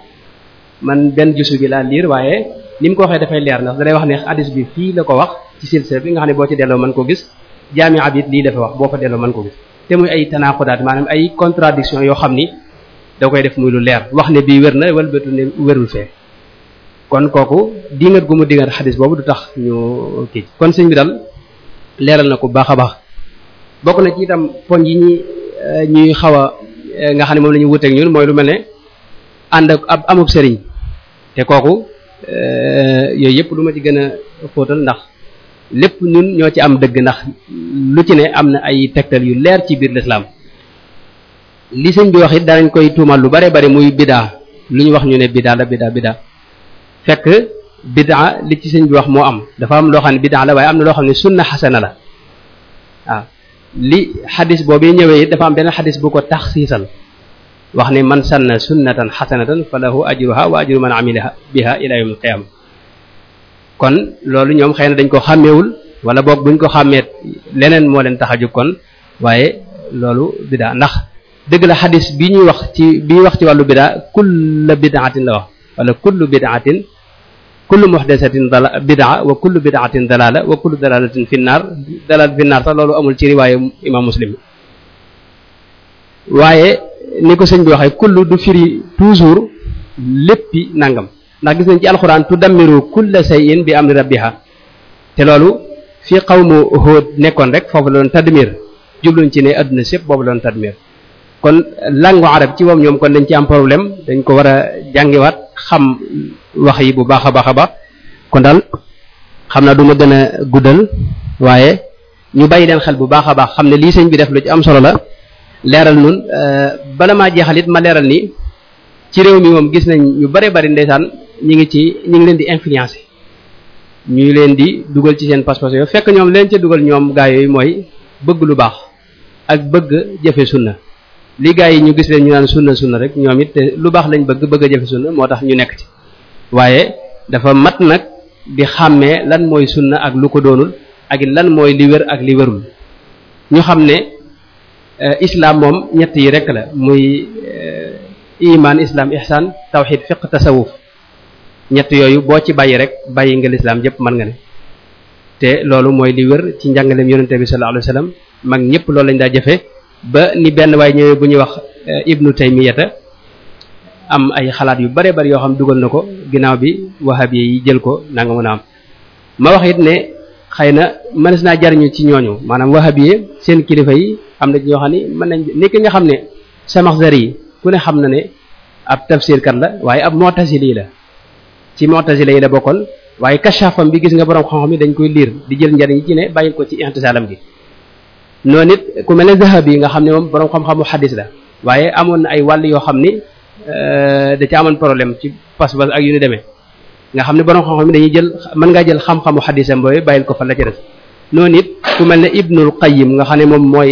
man benn gisu gi laa liir waaye ni mu ko waxee dafay leer ndax danay wax ne hadis bi fii la ko wax ci silsila bi nga xam ne boo ci delloo man ko gis jaamia bi lii dafa wax boo fa delloo mën ko gis te muy ay tanaqudat maanaam ay contradiction yoo xam ni da koy def muy lu leer wax ne bii wér na walbatu ne wérul fee kon kooku dingat gu mu dingat xadis boobu du tax ñu kii kon sëñ bi dal leeral na ko baax a baax bokk na ci itam Eh, nga xam ne moom la ñu wuteeg ñun mooy lu mel ne ànd ak ab amub sëriñ te kooku eh, yooyu yëpp lu ma ci gën a xóotal ndax lépp ñun ñoo ci am dëgg ndax lu ci ne am na ay tegtal yu leer ci biir lislaam li sëñ bi wax it danañ koy tuumaal lu bare bare muy bidaa lu ñu wax ñu ne bidaa la bidaa bidaa fekk bidaa li ci sëñ bi wax moo am dafa am loo xam ne bidaa la waaye am na loo xam ne sunna xasana la waaw li xadis boobu ñëwee it dafa am benn xadis bu ko tax taxsiisal wax ne man sanna sunnatan xasanatan fa lahu ajruha wa ajru man amila biha ila yawm alqiyama kon loolu ñoom xëy na dañ ko xàmmeewul wala boog buñ ko xàmmee leneen moo leen tax a jóg kon waaye loolu bidaa ndax dëgg la xadis bi ñuy wax ci bi wax ci wàllu bidaa kull bidaatin la wax wala kullu bidaatin kullu muhdasatin dala bidaa wa kullu bidaatin dalala wa kullu dalalatin fi naar dalal fi naar sax loolu amul ci riwaaye imaam muslim waaye ni ko sëñ bi waxee kullu du firi toujours léppi nangam ndax gis nañ ci alxuraan tudammiru kulla shay'in bi am amri rabbiha te loolu fii xawmu Hóod nekkoon rek foofu la doon tadmir jubluñ ci ne àdduna sépp boobu la doon tadmir kon langue arab ci moom ñoom kon dañ ci am problème dañ ko war a jàngiwaat xam wax yi bu baax a baax a baax kon dal xam naa duma ma gën a guddal waaye ñu bàyyi leen xel bu baax a baax xam ne lii sëñ bi def lu ci am solo la leeral nun euh, bala maa jeexal ma leeral ni ci réew mi moom gis nañ ñu bare bari ndeysaan ñi ngi ci ñi ngi leen di influencer ñu leen di dugal ci seen pas-pas yooyu fekk ñoom leen ca dugal ñoom gaa yooyu mooy bëgg lu baax ak bëgg jëfe sunna li yi ñu gis leen ñu naan sunna sunna rek ñoom it te lu baax lañ bëgg bëgg a jëfe sunna moo tax ñu nekk ci waaye dafa mat nag bi xàmmee lan mooy sunna ak lu ko doonul ak lan mooy li wér ak li wérul ñu xam ne eh, islaam moom ñett yi rek la muy eh, iman islam ihsan tawxid fiq tasawuf ñett yooyu boo ci bàyyi rek bàyyi nga lislaam yépp mën nga ne te loolu mooy li wér ci njàngaleem yonente bi sallallahu alayhi wasallam mag ñëpp loolu lañ daa jëfe ba ni benn waay ñëwee bu ñuy wax eh, ibnu taymiyata am ay xalaat yu bare bari yoo xam dugal na ko ginnaaw bi wahabi yi jël ko nanga mën a am ma wax it ne xëy na mënees naa jariñu ci ñooñu maanaam wahabi yi seen kilifa yi am na ñoo xam ne mën nañ nekk nga xam ne Samaxzari yi ku ne xam na ne ab tafsir kat la waaye ab mu'tazili la ci mu'tazili yi la bokkoon waaye kashafam bi gis nga borom xam-xam yi dañ koy liir di jël njariñ ci ne bàyyi ko ci intisaalam gi noonu it ku mel ne Zahabi yi nga xam ne moom borom xam-xamu la waaye amoon na ay wàll yoo xam ni euh, da ca amoon problème ci pas-pas ak yu ni demee nga xam ne borom xam-xam dañuy jël mën ngaa jël xam-xamu xadisam bàyyil ko fa la ca def noonu ku mel ne Ibnul Qayyim nga xam ne moom mooy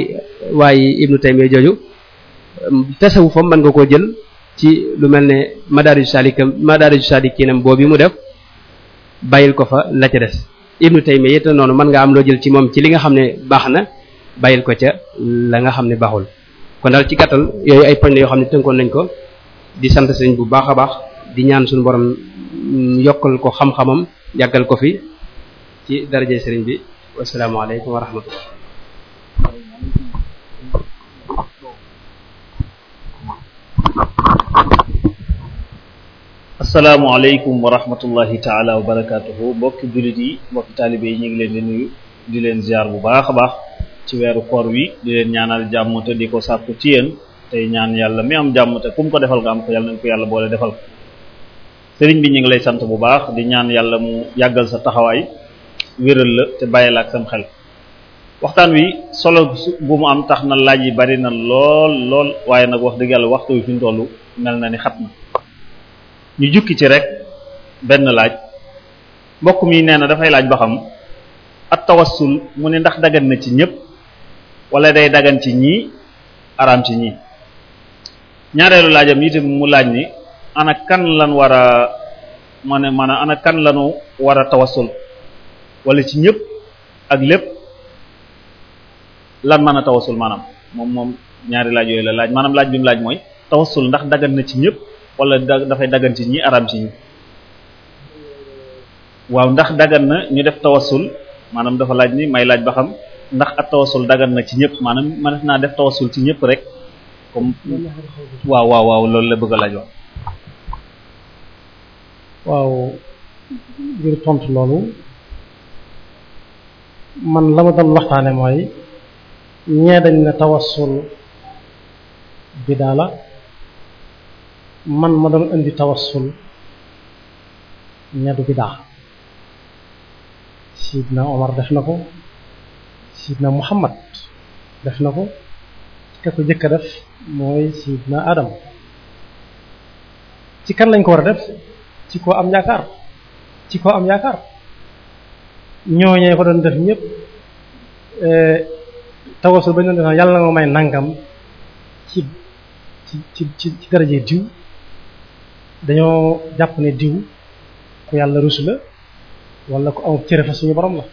waaye Ibnu Taymiya jooju tasawufam mën nga koo jël ci lu mel ne madaariju salikam madaariju salikinam boobu mu def bàyyil ko fa la ca des Ibnu Taymiya it noonu mën nga am loo jël ci moom ci li nga xam ne baax na bàyyil ko ca la nga xam ne baaxul kon daal ci gàttal yooyu ay poñ la yoo xam ne tënkoon nañ ko di sant sëriñ bu baax a baax di ñaan suñu borom yokkal ko xam-xamam yàggal ko fi ci daraje sëriñ bi wasalaamaaleykum wa rahmatullah asalaamaaleykum wa rahmatullahi taala wa barakatuhu mbokki jullit yi mbokki taalibe yi ñu ngi leen di nuyu di leen ziar bu baax a baax ci weeru koor wi di leen ñaanal jàmm te di ko sàkku ci yéen tey ñaan yàlla mi am jàmm te kum ko defal nga am ko yàlla nañ yàlla boole defal bi ñu ngi lay sant bu baax di ñaan yàlla mu yàggal sa taxawaay wéral la te bàyyi la ak sam xel waxtaan wi solo bu mu am tax na laaj yi bari na lool lool waaye nag wax dëgg yàlla waxtu wi fi ñu toll mel na ni xat na ñu jukki ci rek benn laaj mbokk mi nee na dafay laaj ba xam at tawassul mu ne ndax dagan na ci ñëpp wala day dagan ci ñii araam ci ñii ñaareelu laajam itam mu laaj ni ana kan lan war a ma maanaam ana kan lanu war a tawassul wala ci ñëpp ak lépp lan mën a tawassul maanaam moom moom ñaari laaj yooyu la laaj maanaam laaj bi mu laaj mooy tawassul ndax dagan na ci ñëpp wala dafay dagan ci ñi araam ci ñi waaw ndax dagan na ñu def tawassul maanaam dafa laaj ni may laaj ba xam ndax ak tawasul dagan na ci ñëpp maanaam man naa def tawasul ci ñëpp rek comme waaw waaw waaw loolu la bëgg a laaj waaw ngir tontu loolu man la ma doon waxtaane mooy ñee dañ ne tawasul bidaa la man ma doon indi tawasul ñee du bidaa sidna Omar def na ko sidna muhammad def na ko te ko jëkk def mooy sidna adam ci kan lañ ko war a def ci koo am yaakaar ci ko am yaakaar ñooñee ko doon def ñëpp eh, tawasul bañ doon def yàlla na ma may nangam ci ci ci ci daraje diw dañoo jàpp ne diw ku yàlla rusla la wala ku am cëre fa suñu borom la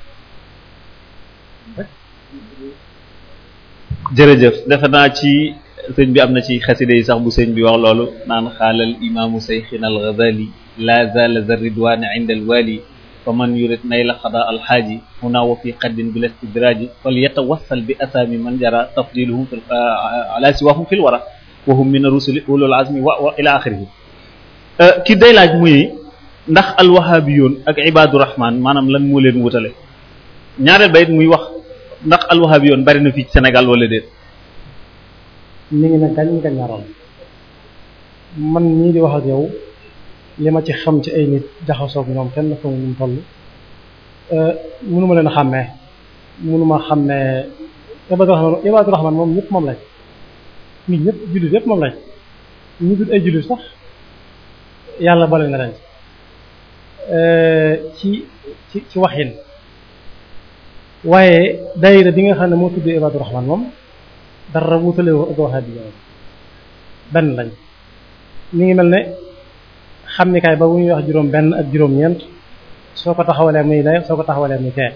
jërëjëf defe naa ci sëñ bi am na ci xaside yi sax bu sëñ bi wax loolu naan xaalal imaamu sayxina alxazali la zala za ridwani inda alwali fa man yurid nayla xada alxaaji huna wa fi qaddin bil istidraji fal yatawassal bi asaami man jara tafdiluhum fi ala siwahum fi lwara wa hum min rusuli ulul azmi wa wa ila axirihi ki day laaj muy ndax alwahabiyoon ak ibadu rahman maanaam lan moo leen wutale ñaareel bayit muy wax ndax alwahabiyoon bari na fii ci Sénégal wala déet. mi ngi nag kañ nga ñaral man ñii di wax ak yow li ma ci xam ci ay nit jaxasoo ak ñoom kenn xamul nu mu euh, mënuma leen xàmmee mënuma xàmmee Ibaadu Rahmaan Ibaadu Rahmaan moom ñëpp moom lañ nit yëpp moom lañ ñu dul ay jullit sax yàlla bale na leen euh, ci ci ci waaye daayira bi nga xam ne moo tudd Ibaadu Rahmaan moom dara wutale woo ak waa Hadiya benn lañ mi ngi mel ne xam ni kaay ba bu ñuy wax juróom benn ak juróom ñeent soo ko taxawalee muy lay soo ko taxawalee muy tee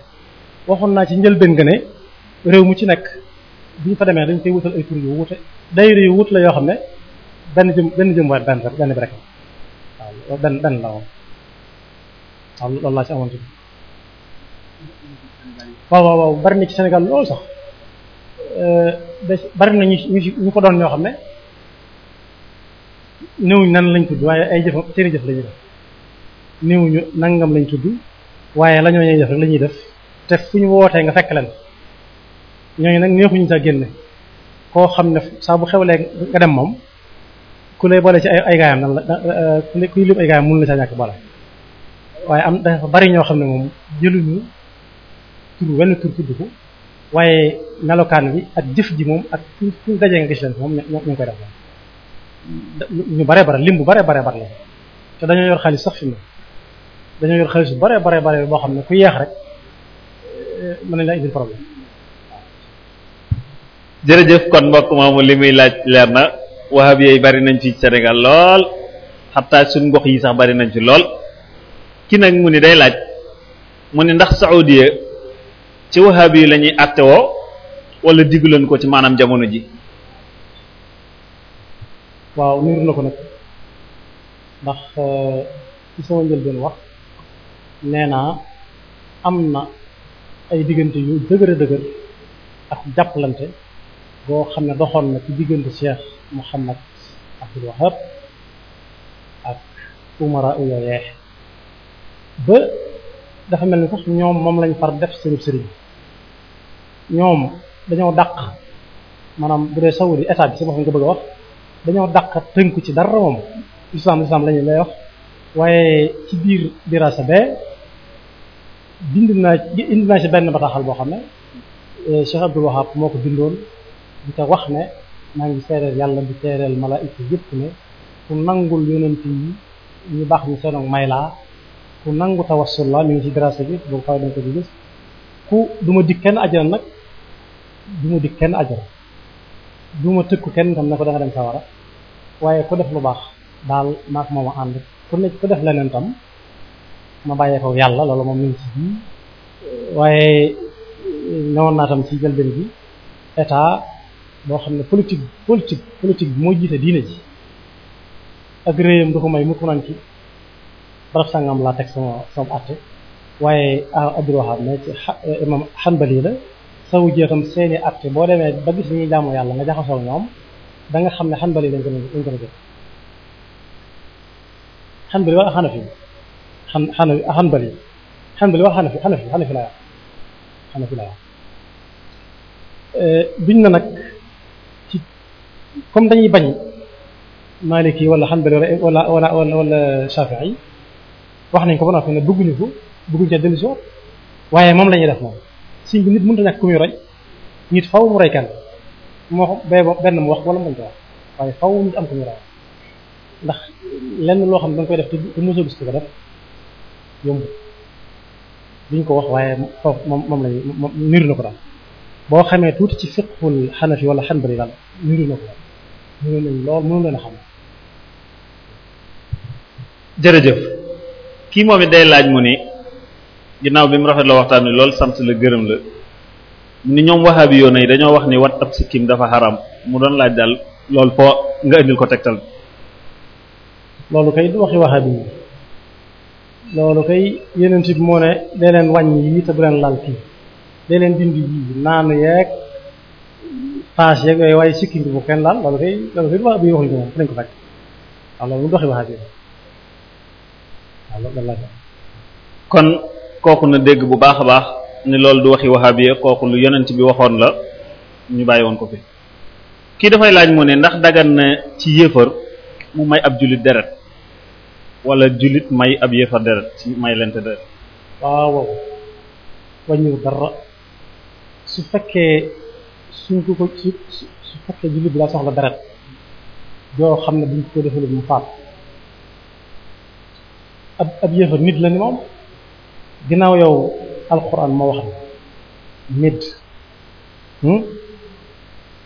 waxoon naa ci njëlbéen nga ne réew mu ci nekk bu ñu fa demee dañ koy wutal ay tur yu wute daayira yi wut la yoo xam ne benn jëm benn jëm waay benn benn bi rek waaw la woon waaw loolu laa ci amoon waaw waaw bari na ci Sénégal loolu sax euh, bari na ñu ñu ko doon ñoo xam ne néewuñu nan lañ tudd waaye ay jëf seeni jëf la ñuy def nangam lañ tudd waaye la def rek def te fu ñu wootee nga fekk leen ñooñu nag néexuñu sa génne koo xam ne saa bu xewlee nga dem moom ku lay boole ci ay ay gaayam nan la kuy lim ay gaayam mënu la saa ñàkk boole waaye am dafa bari ñoo xam ne moom jëluñu tur wenn tur tudd ko waaye melokaan bi ak jëf ji moom ak fu fu dajee nga gis leen moom ñu ngi koy def moom bu bare bare bare la te dañoo yor xaalis sax fi mu dañoo yor xaalis bare bare boo xam ne ku yeex rek eh, mën nañ laa kon mbokk moomu li laaj leer na wahab yooyu bari nañ ci Sénégal lool xataa suñ ngox yi sax bari nañ ci lool ki nag mu ni day laaj mu ne ndax Saudiya ci wahabi yi lañuy ñuy attewoo wala diggu ko ci maanaam jamono ji waaw niir na ko nag ndax euh, ci sama njëlbeen wax nee naa am na ay diggante yu dëgëra dëgër ak jàppalante boo xam ne doxoon na ci diggante Cheikh Mouhamad Abdul Wahab ak umara uya ba dafa mel ni sax ñoom moom lañ far def seen sëriñ ñoom dañoo dàq maanaam bu dee saudi état bi si boppam nga bëgg a wax dañoo dàq tënku ci dara moom islam islam lañu lay wax waaye ci biir dirasa be bind naa indi naa ci benn bataaxal boo xam ne eh, Cheikh Abdul Wahab moo ko bindoon di ko wax ne maa ngi seereel yàlla bi seereel malaayika yëpp ne ku nangul yonent ñu baax ñu seenoog may laa ku nangu tawassul la mi ngi ci dirasa bi boobu fay dañ ko di gis ku duma dig kenn ajana nag du ma dig kenn ajara du ma tëkku kenn itam na ko da nga dem sawara waaye ku def lu baax daal maak moom a ànd ku ne ku def leneen tam ma bàyyee yàlla loolu moom lañ ci ji waaye newoon naa tam bi état boo xam ne politique politique politique bi moo jiite diine ji ak réyam du ko may mu ko barab sangam laa teg sama sama atte waaye Abdul Wahab ne ci la saw jeexam seeni atte boo demee ba gis li ñuy jaamu yàlla nga jaxasoo ñoom danga xam ne xanbali la ko lañ ko jël xanbali wala xanafi xan xanbali xanbali wala xanafi xanafi xanafi laa xanafi laa biñ eh, na nag ci comme dañuy bañ maliki wala xanbali wala wala wala wala shafii wax nañ ko ba noppi ne bëgguñu ko bëgguñu ca dellusi waaye moom la ñuy def moom sëñ bi nit mënut a ñàkk ku roy nit faw mu roy kenn moo benn mu wax wala mu bañ waaye faw nit am ku roy ndax lenn loo xam ne da nga koy def te ko wax waaye foofu moom moom xamee tuuti ci fiqhul xanafi wala na ko daal mënu nañ lool mënu leen a xam jërëjëf kii moom it day laaj mu ni ginnaaw bi mu rafet la waxtaan wi loolu sant la gërëm la ni ñoom waxaabi yoon yi dañoo wax ni wat ab sikkim dafa xaram mu doon laaj daal loolu foo nga indil ko tegtal loolu kay du waxi waxaabi yi loolu kay yeneen bi moo ne te bu leen lal bi bu kenn laal loolu kay loolu kay du waxaabi yi waxuñ ko moom nañ ko kon kooku na dégg bu baax a baax ni loolu du waxi wahabiya kooku lu yonent bi waxoon la ñu bàyyi woon ko fi kii dafay laaj mu ne ndax dagan na ci yéefar mu may ab jullit deret wala jullit may ab yéefar deret ci may lente deret waaw waññiw bi la soxla deret doo xam ne buñ ko defee mu faat ab ab yéefar nit la ni moom ginnaaw yow alxuraan moo wax ne mid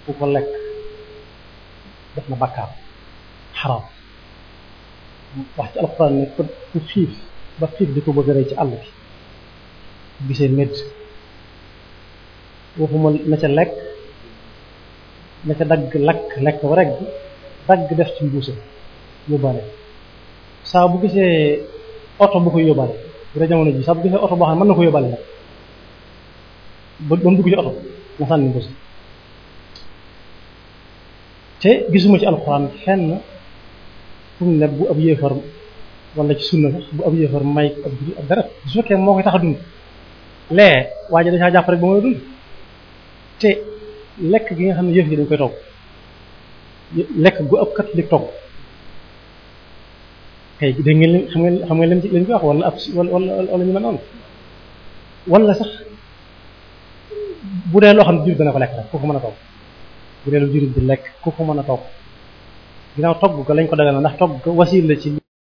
bu ko lekk def na bakkaar xaram wax ci alxuraan ne ku xiif ba xiif di ko bëgg a ci àll bi gisee mid waxuma na ca lekk na ca dagg lakk lekk ba rek dagg def ci mbuusa yóbbaale saa bu gisee oto bu ko yóbbaale bu dee jamono ji sax bu gisee oto boo xam ne mën na ko yóbbaale nag ba ba dugg ci oto na sànni ko si te gisuma ci alxuraan fenn fu mu ne bu ab yéefar wala ci sunna sax bu ab yéefar may ab jur ak su fekkee moo koy tax a dund lee waa ji dacaa jàpp rek ba mën dund te lekk gi nga xam ne yëf gi dañ koy togg lekk gu ab kat li togg kay eh, dégg ngeen leen xam ngeen xam ngeen leen ci leen fi wax wala ab wala wala ñu mel noonu wala sax bu dee loo xam ne jur dana ko lekk rek ku ko mën a togg bu dee lu jur di lekk ku ko mën a togg ginnaaw togg ko lañ ko dagal na ndax togg ko wasiir la ci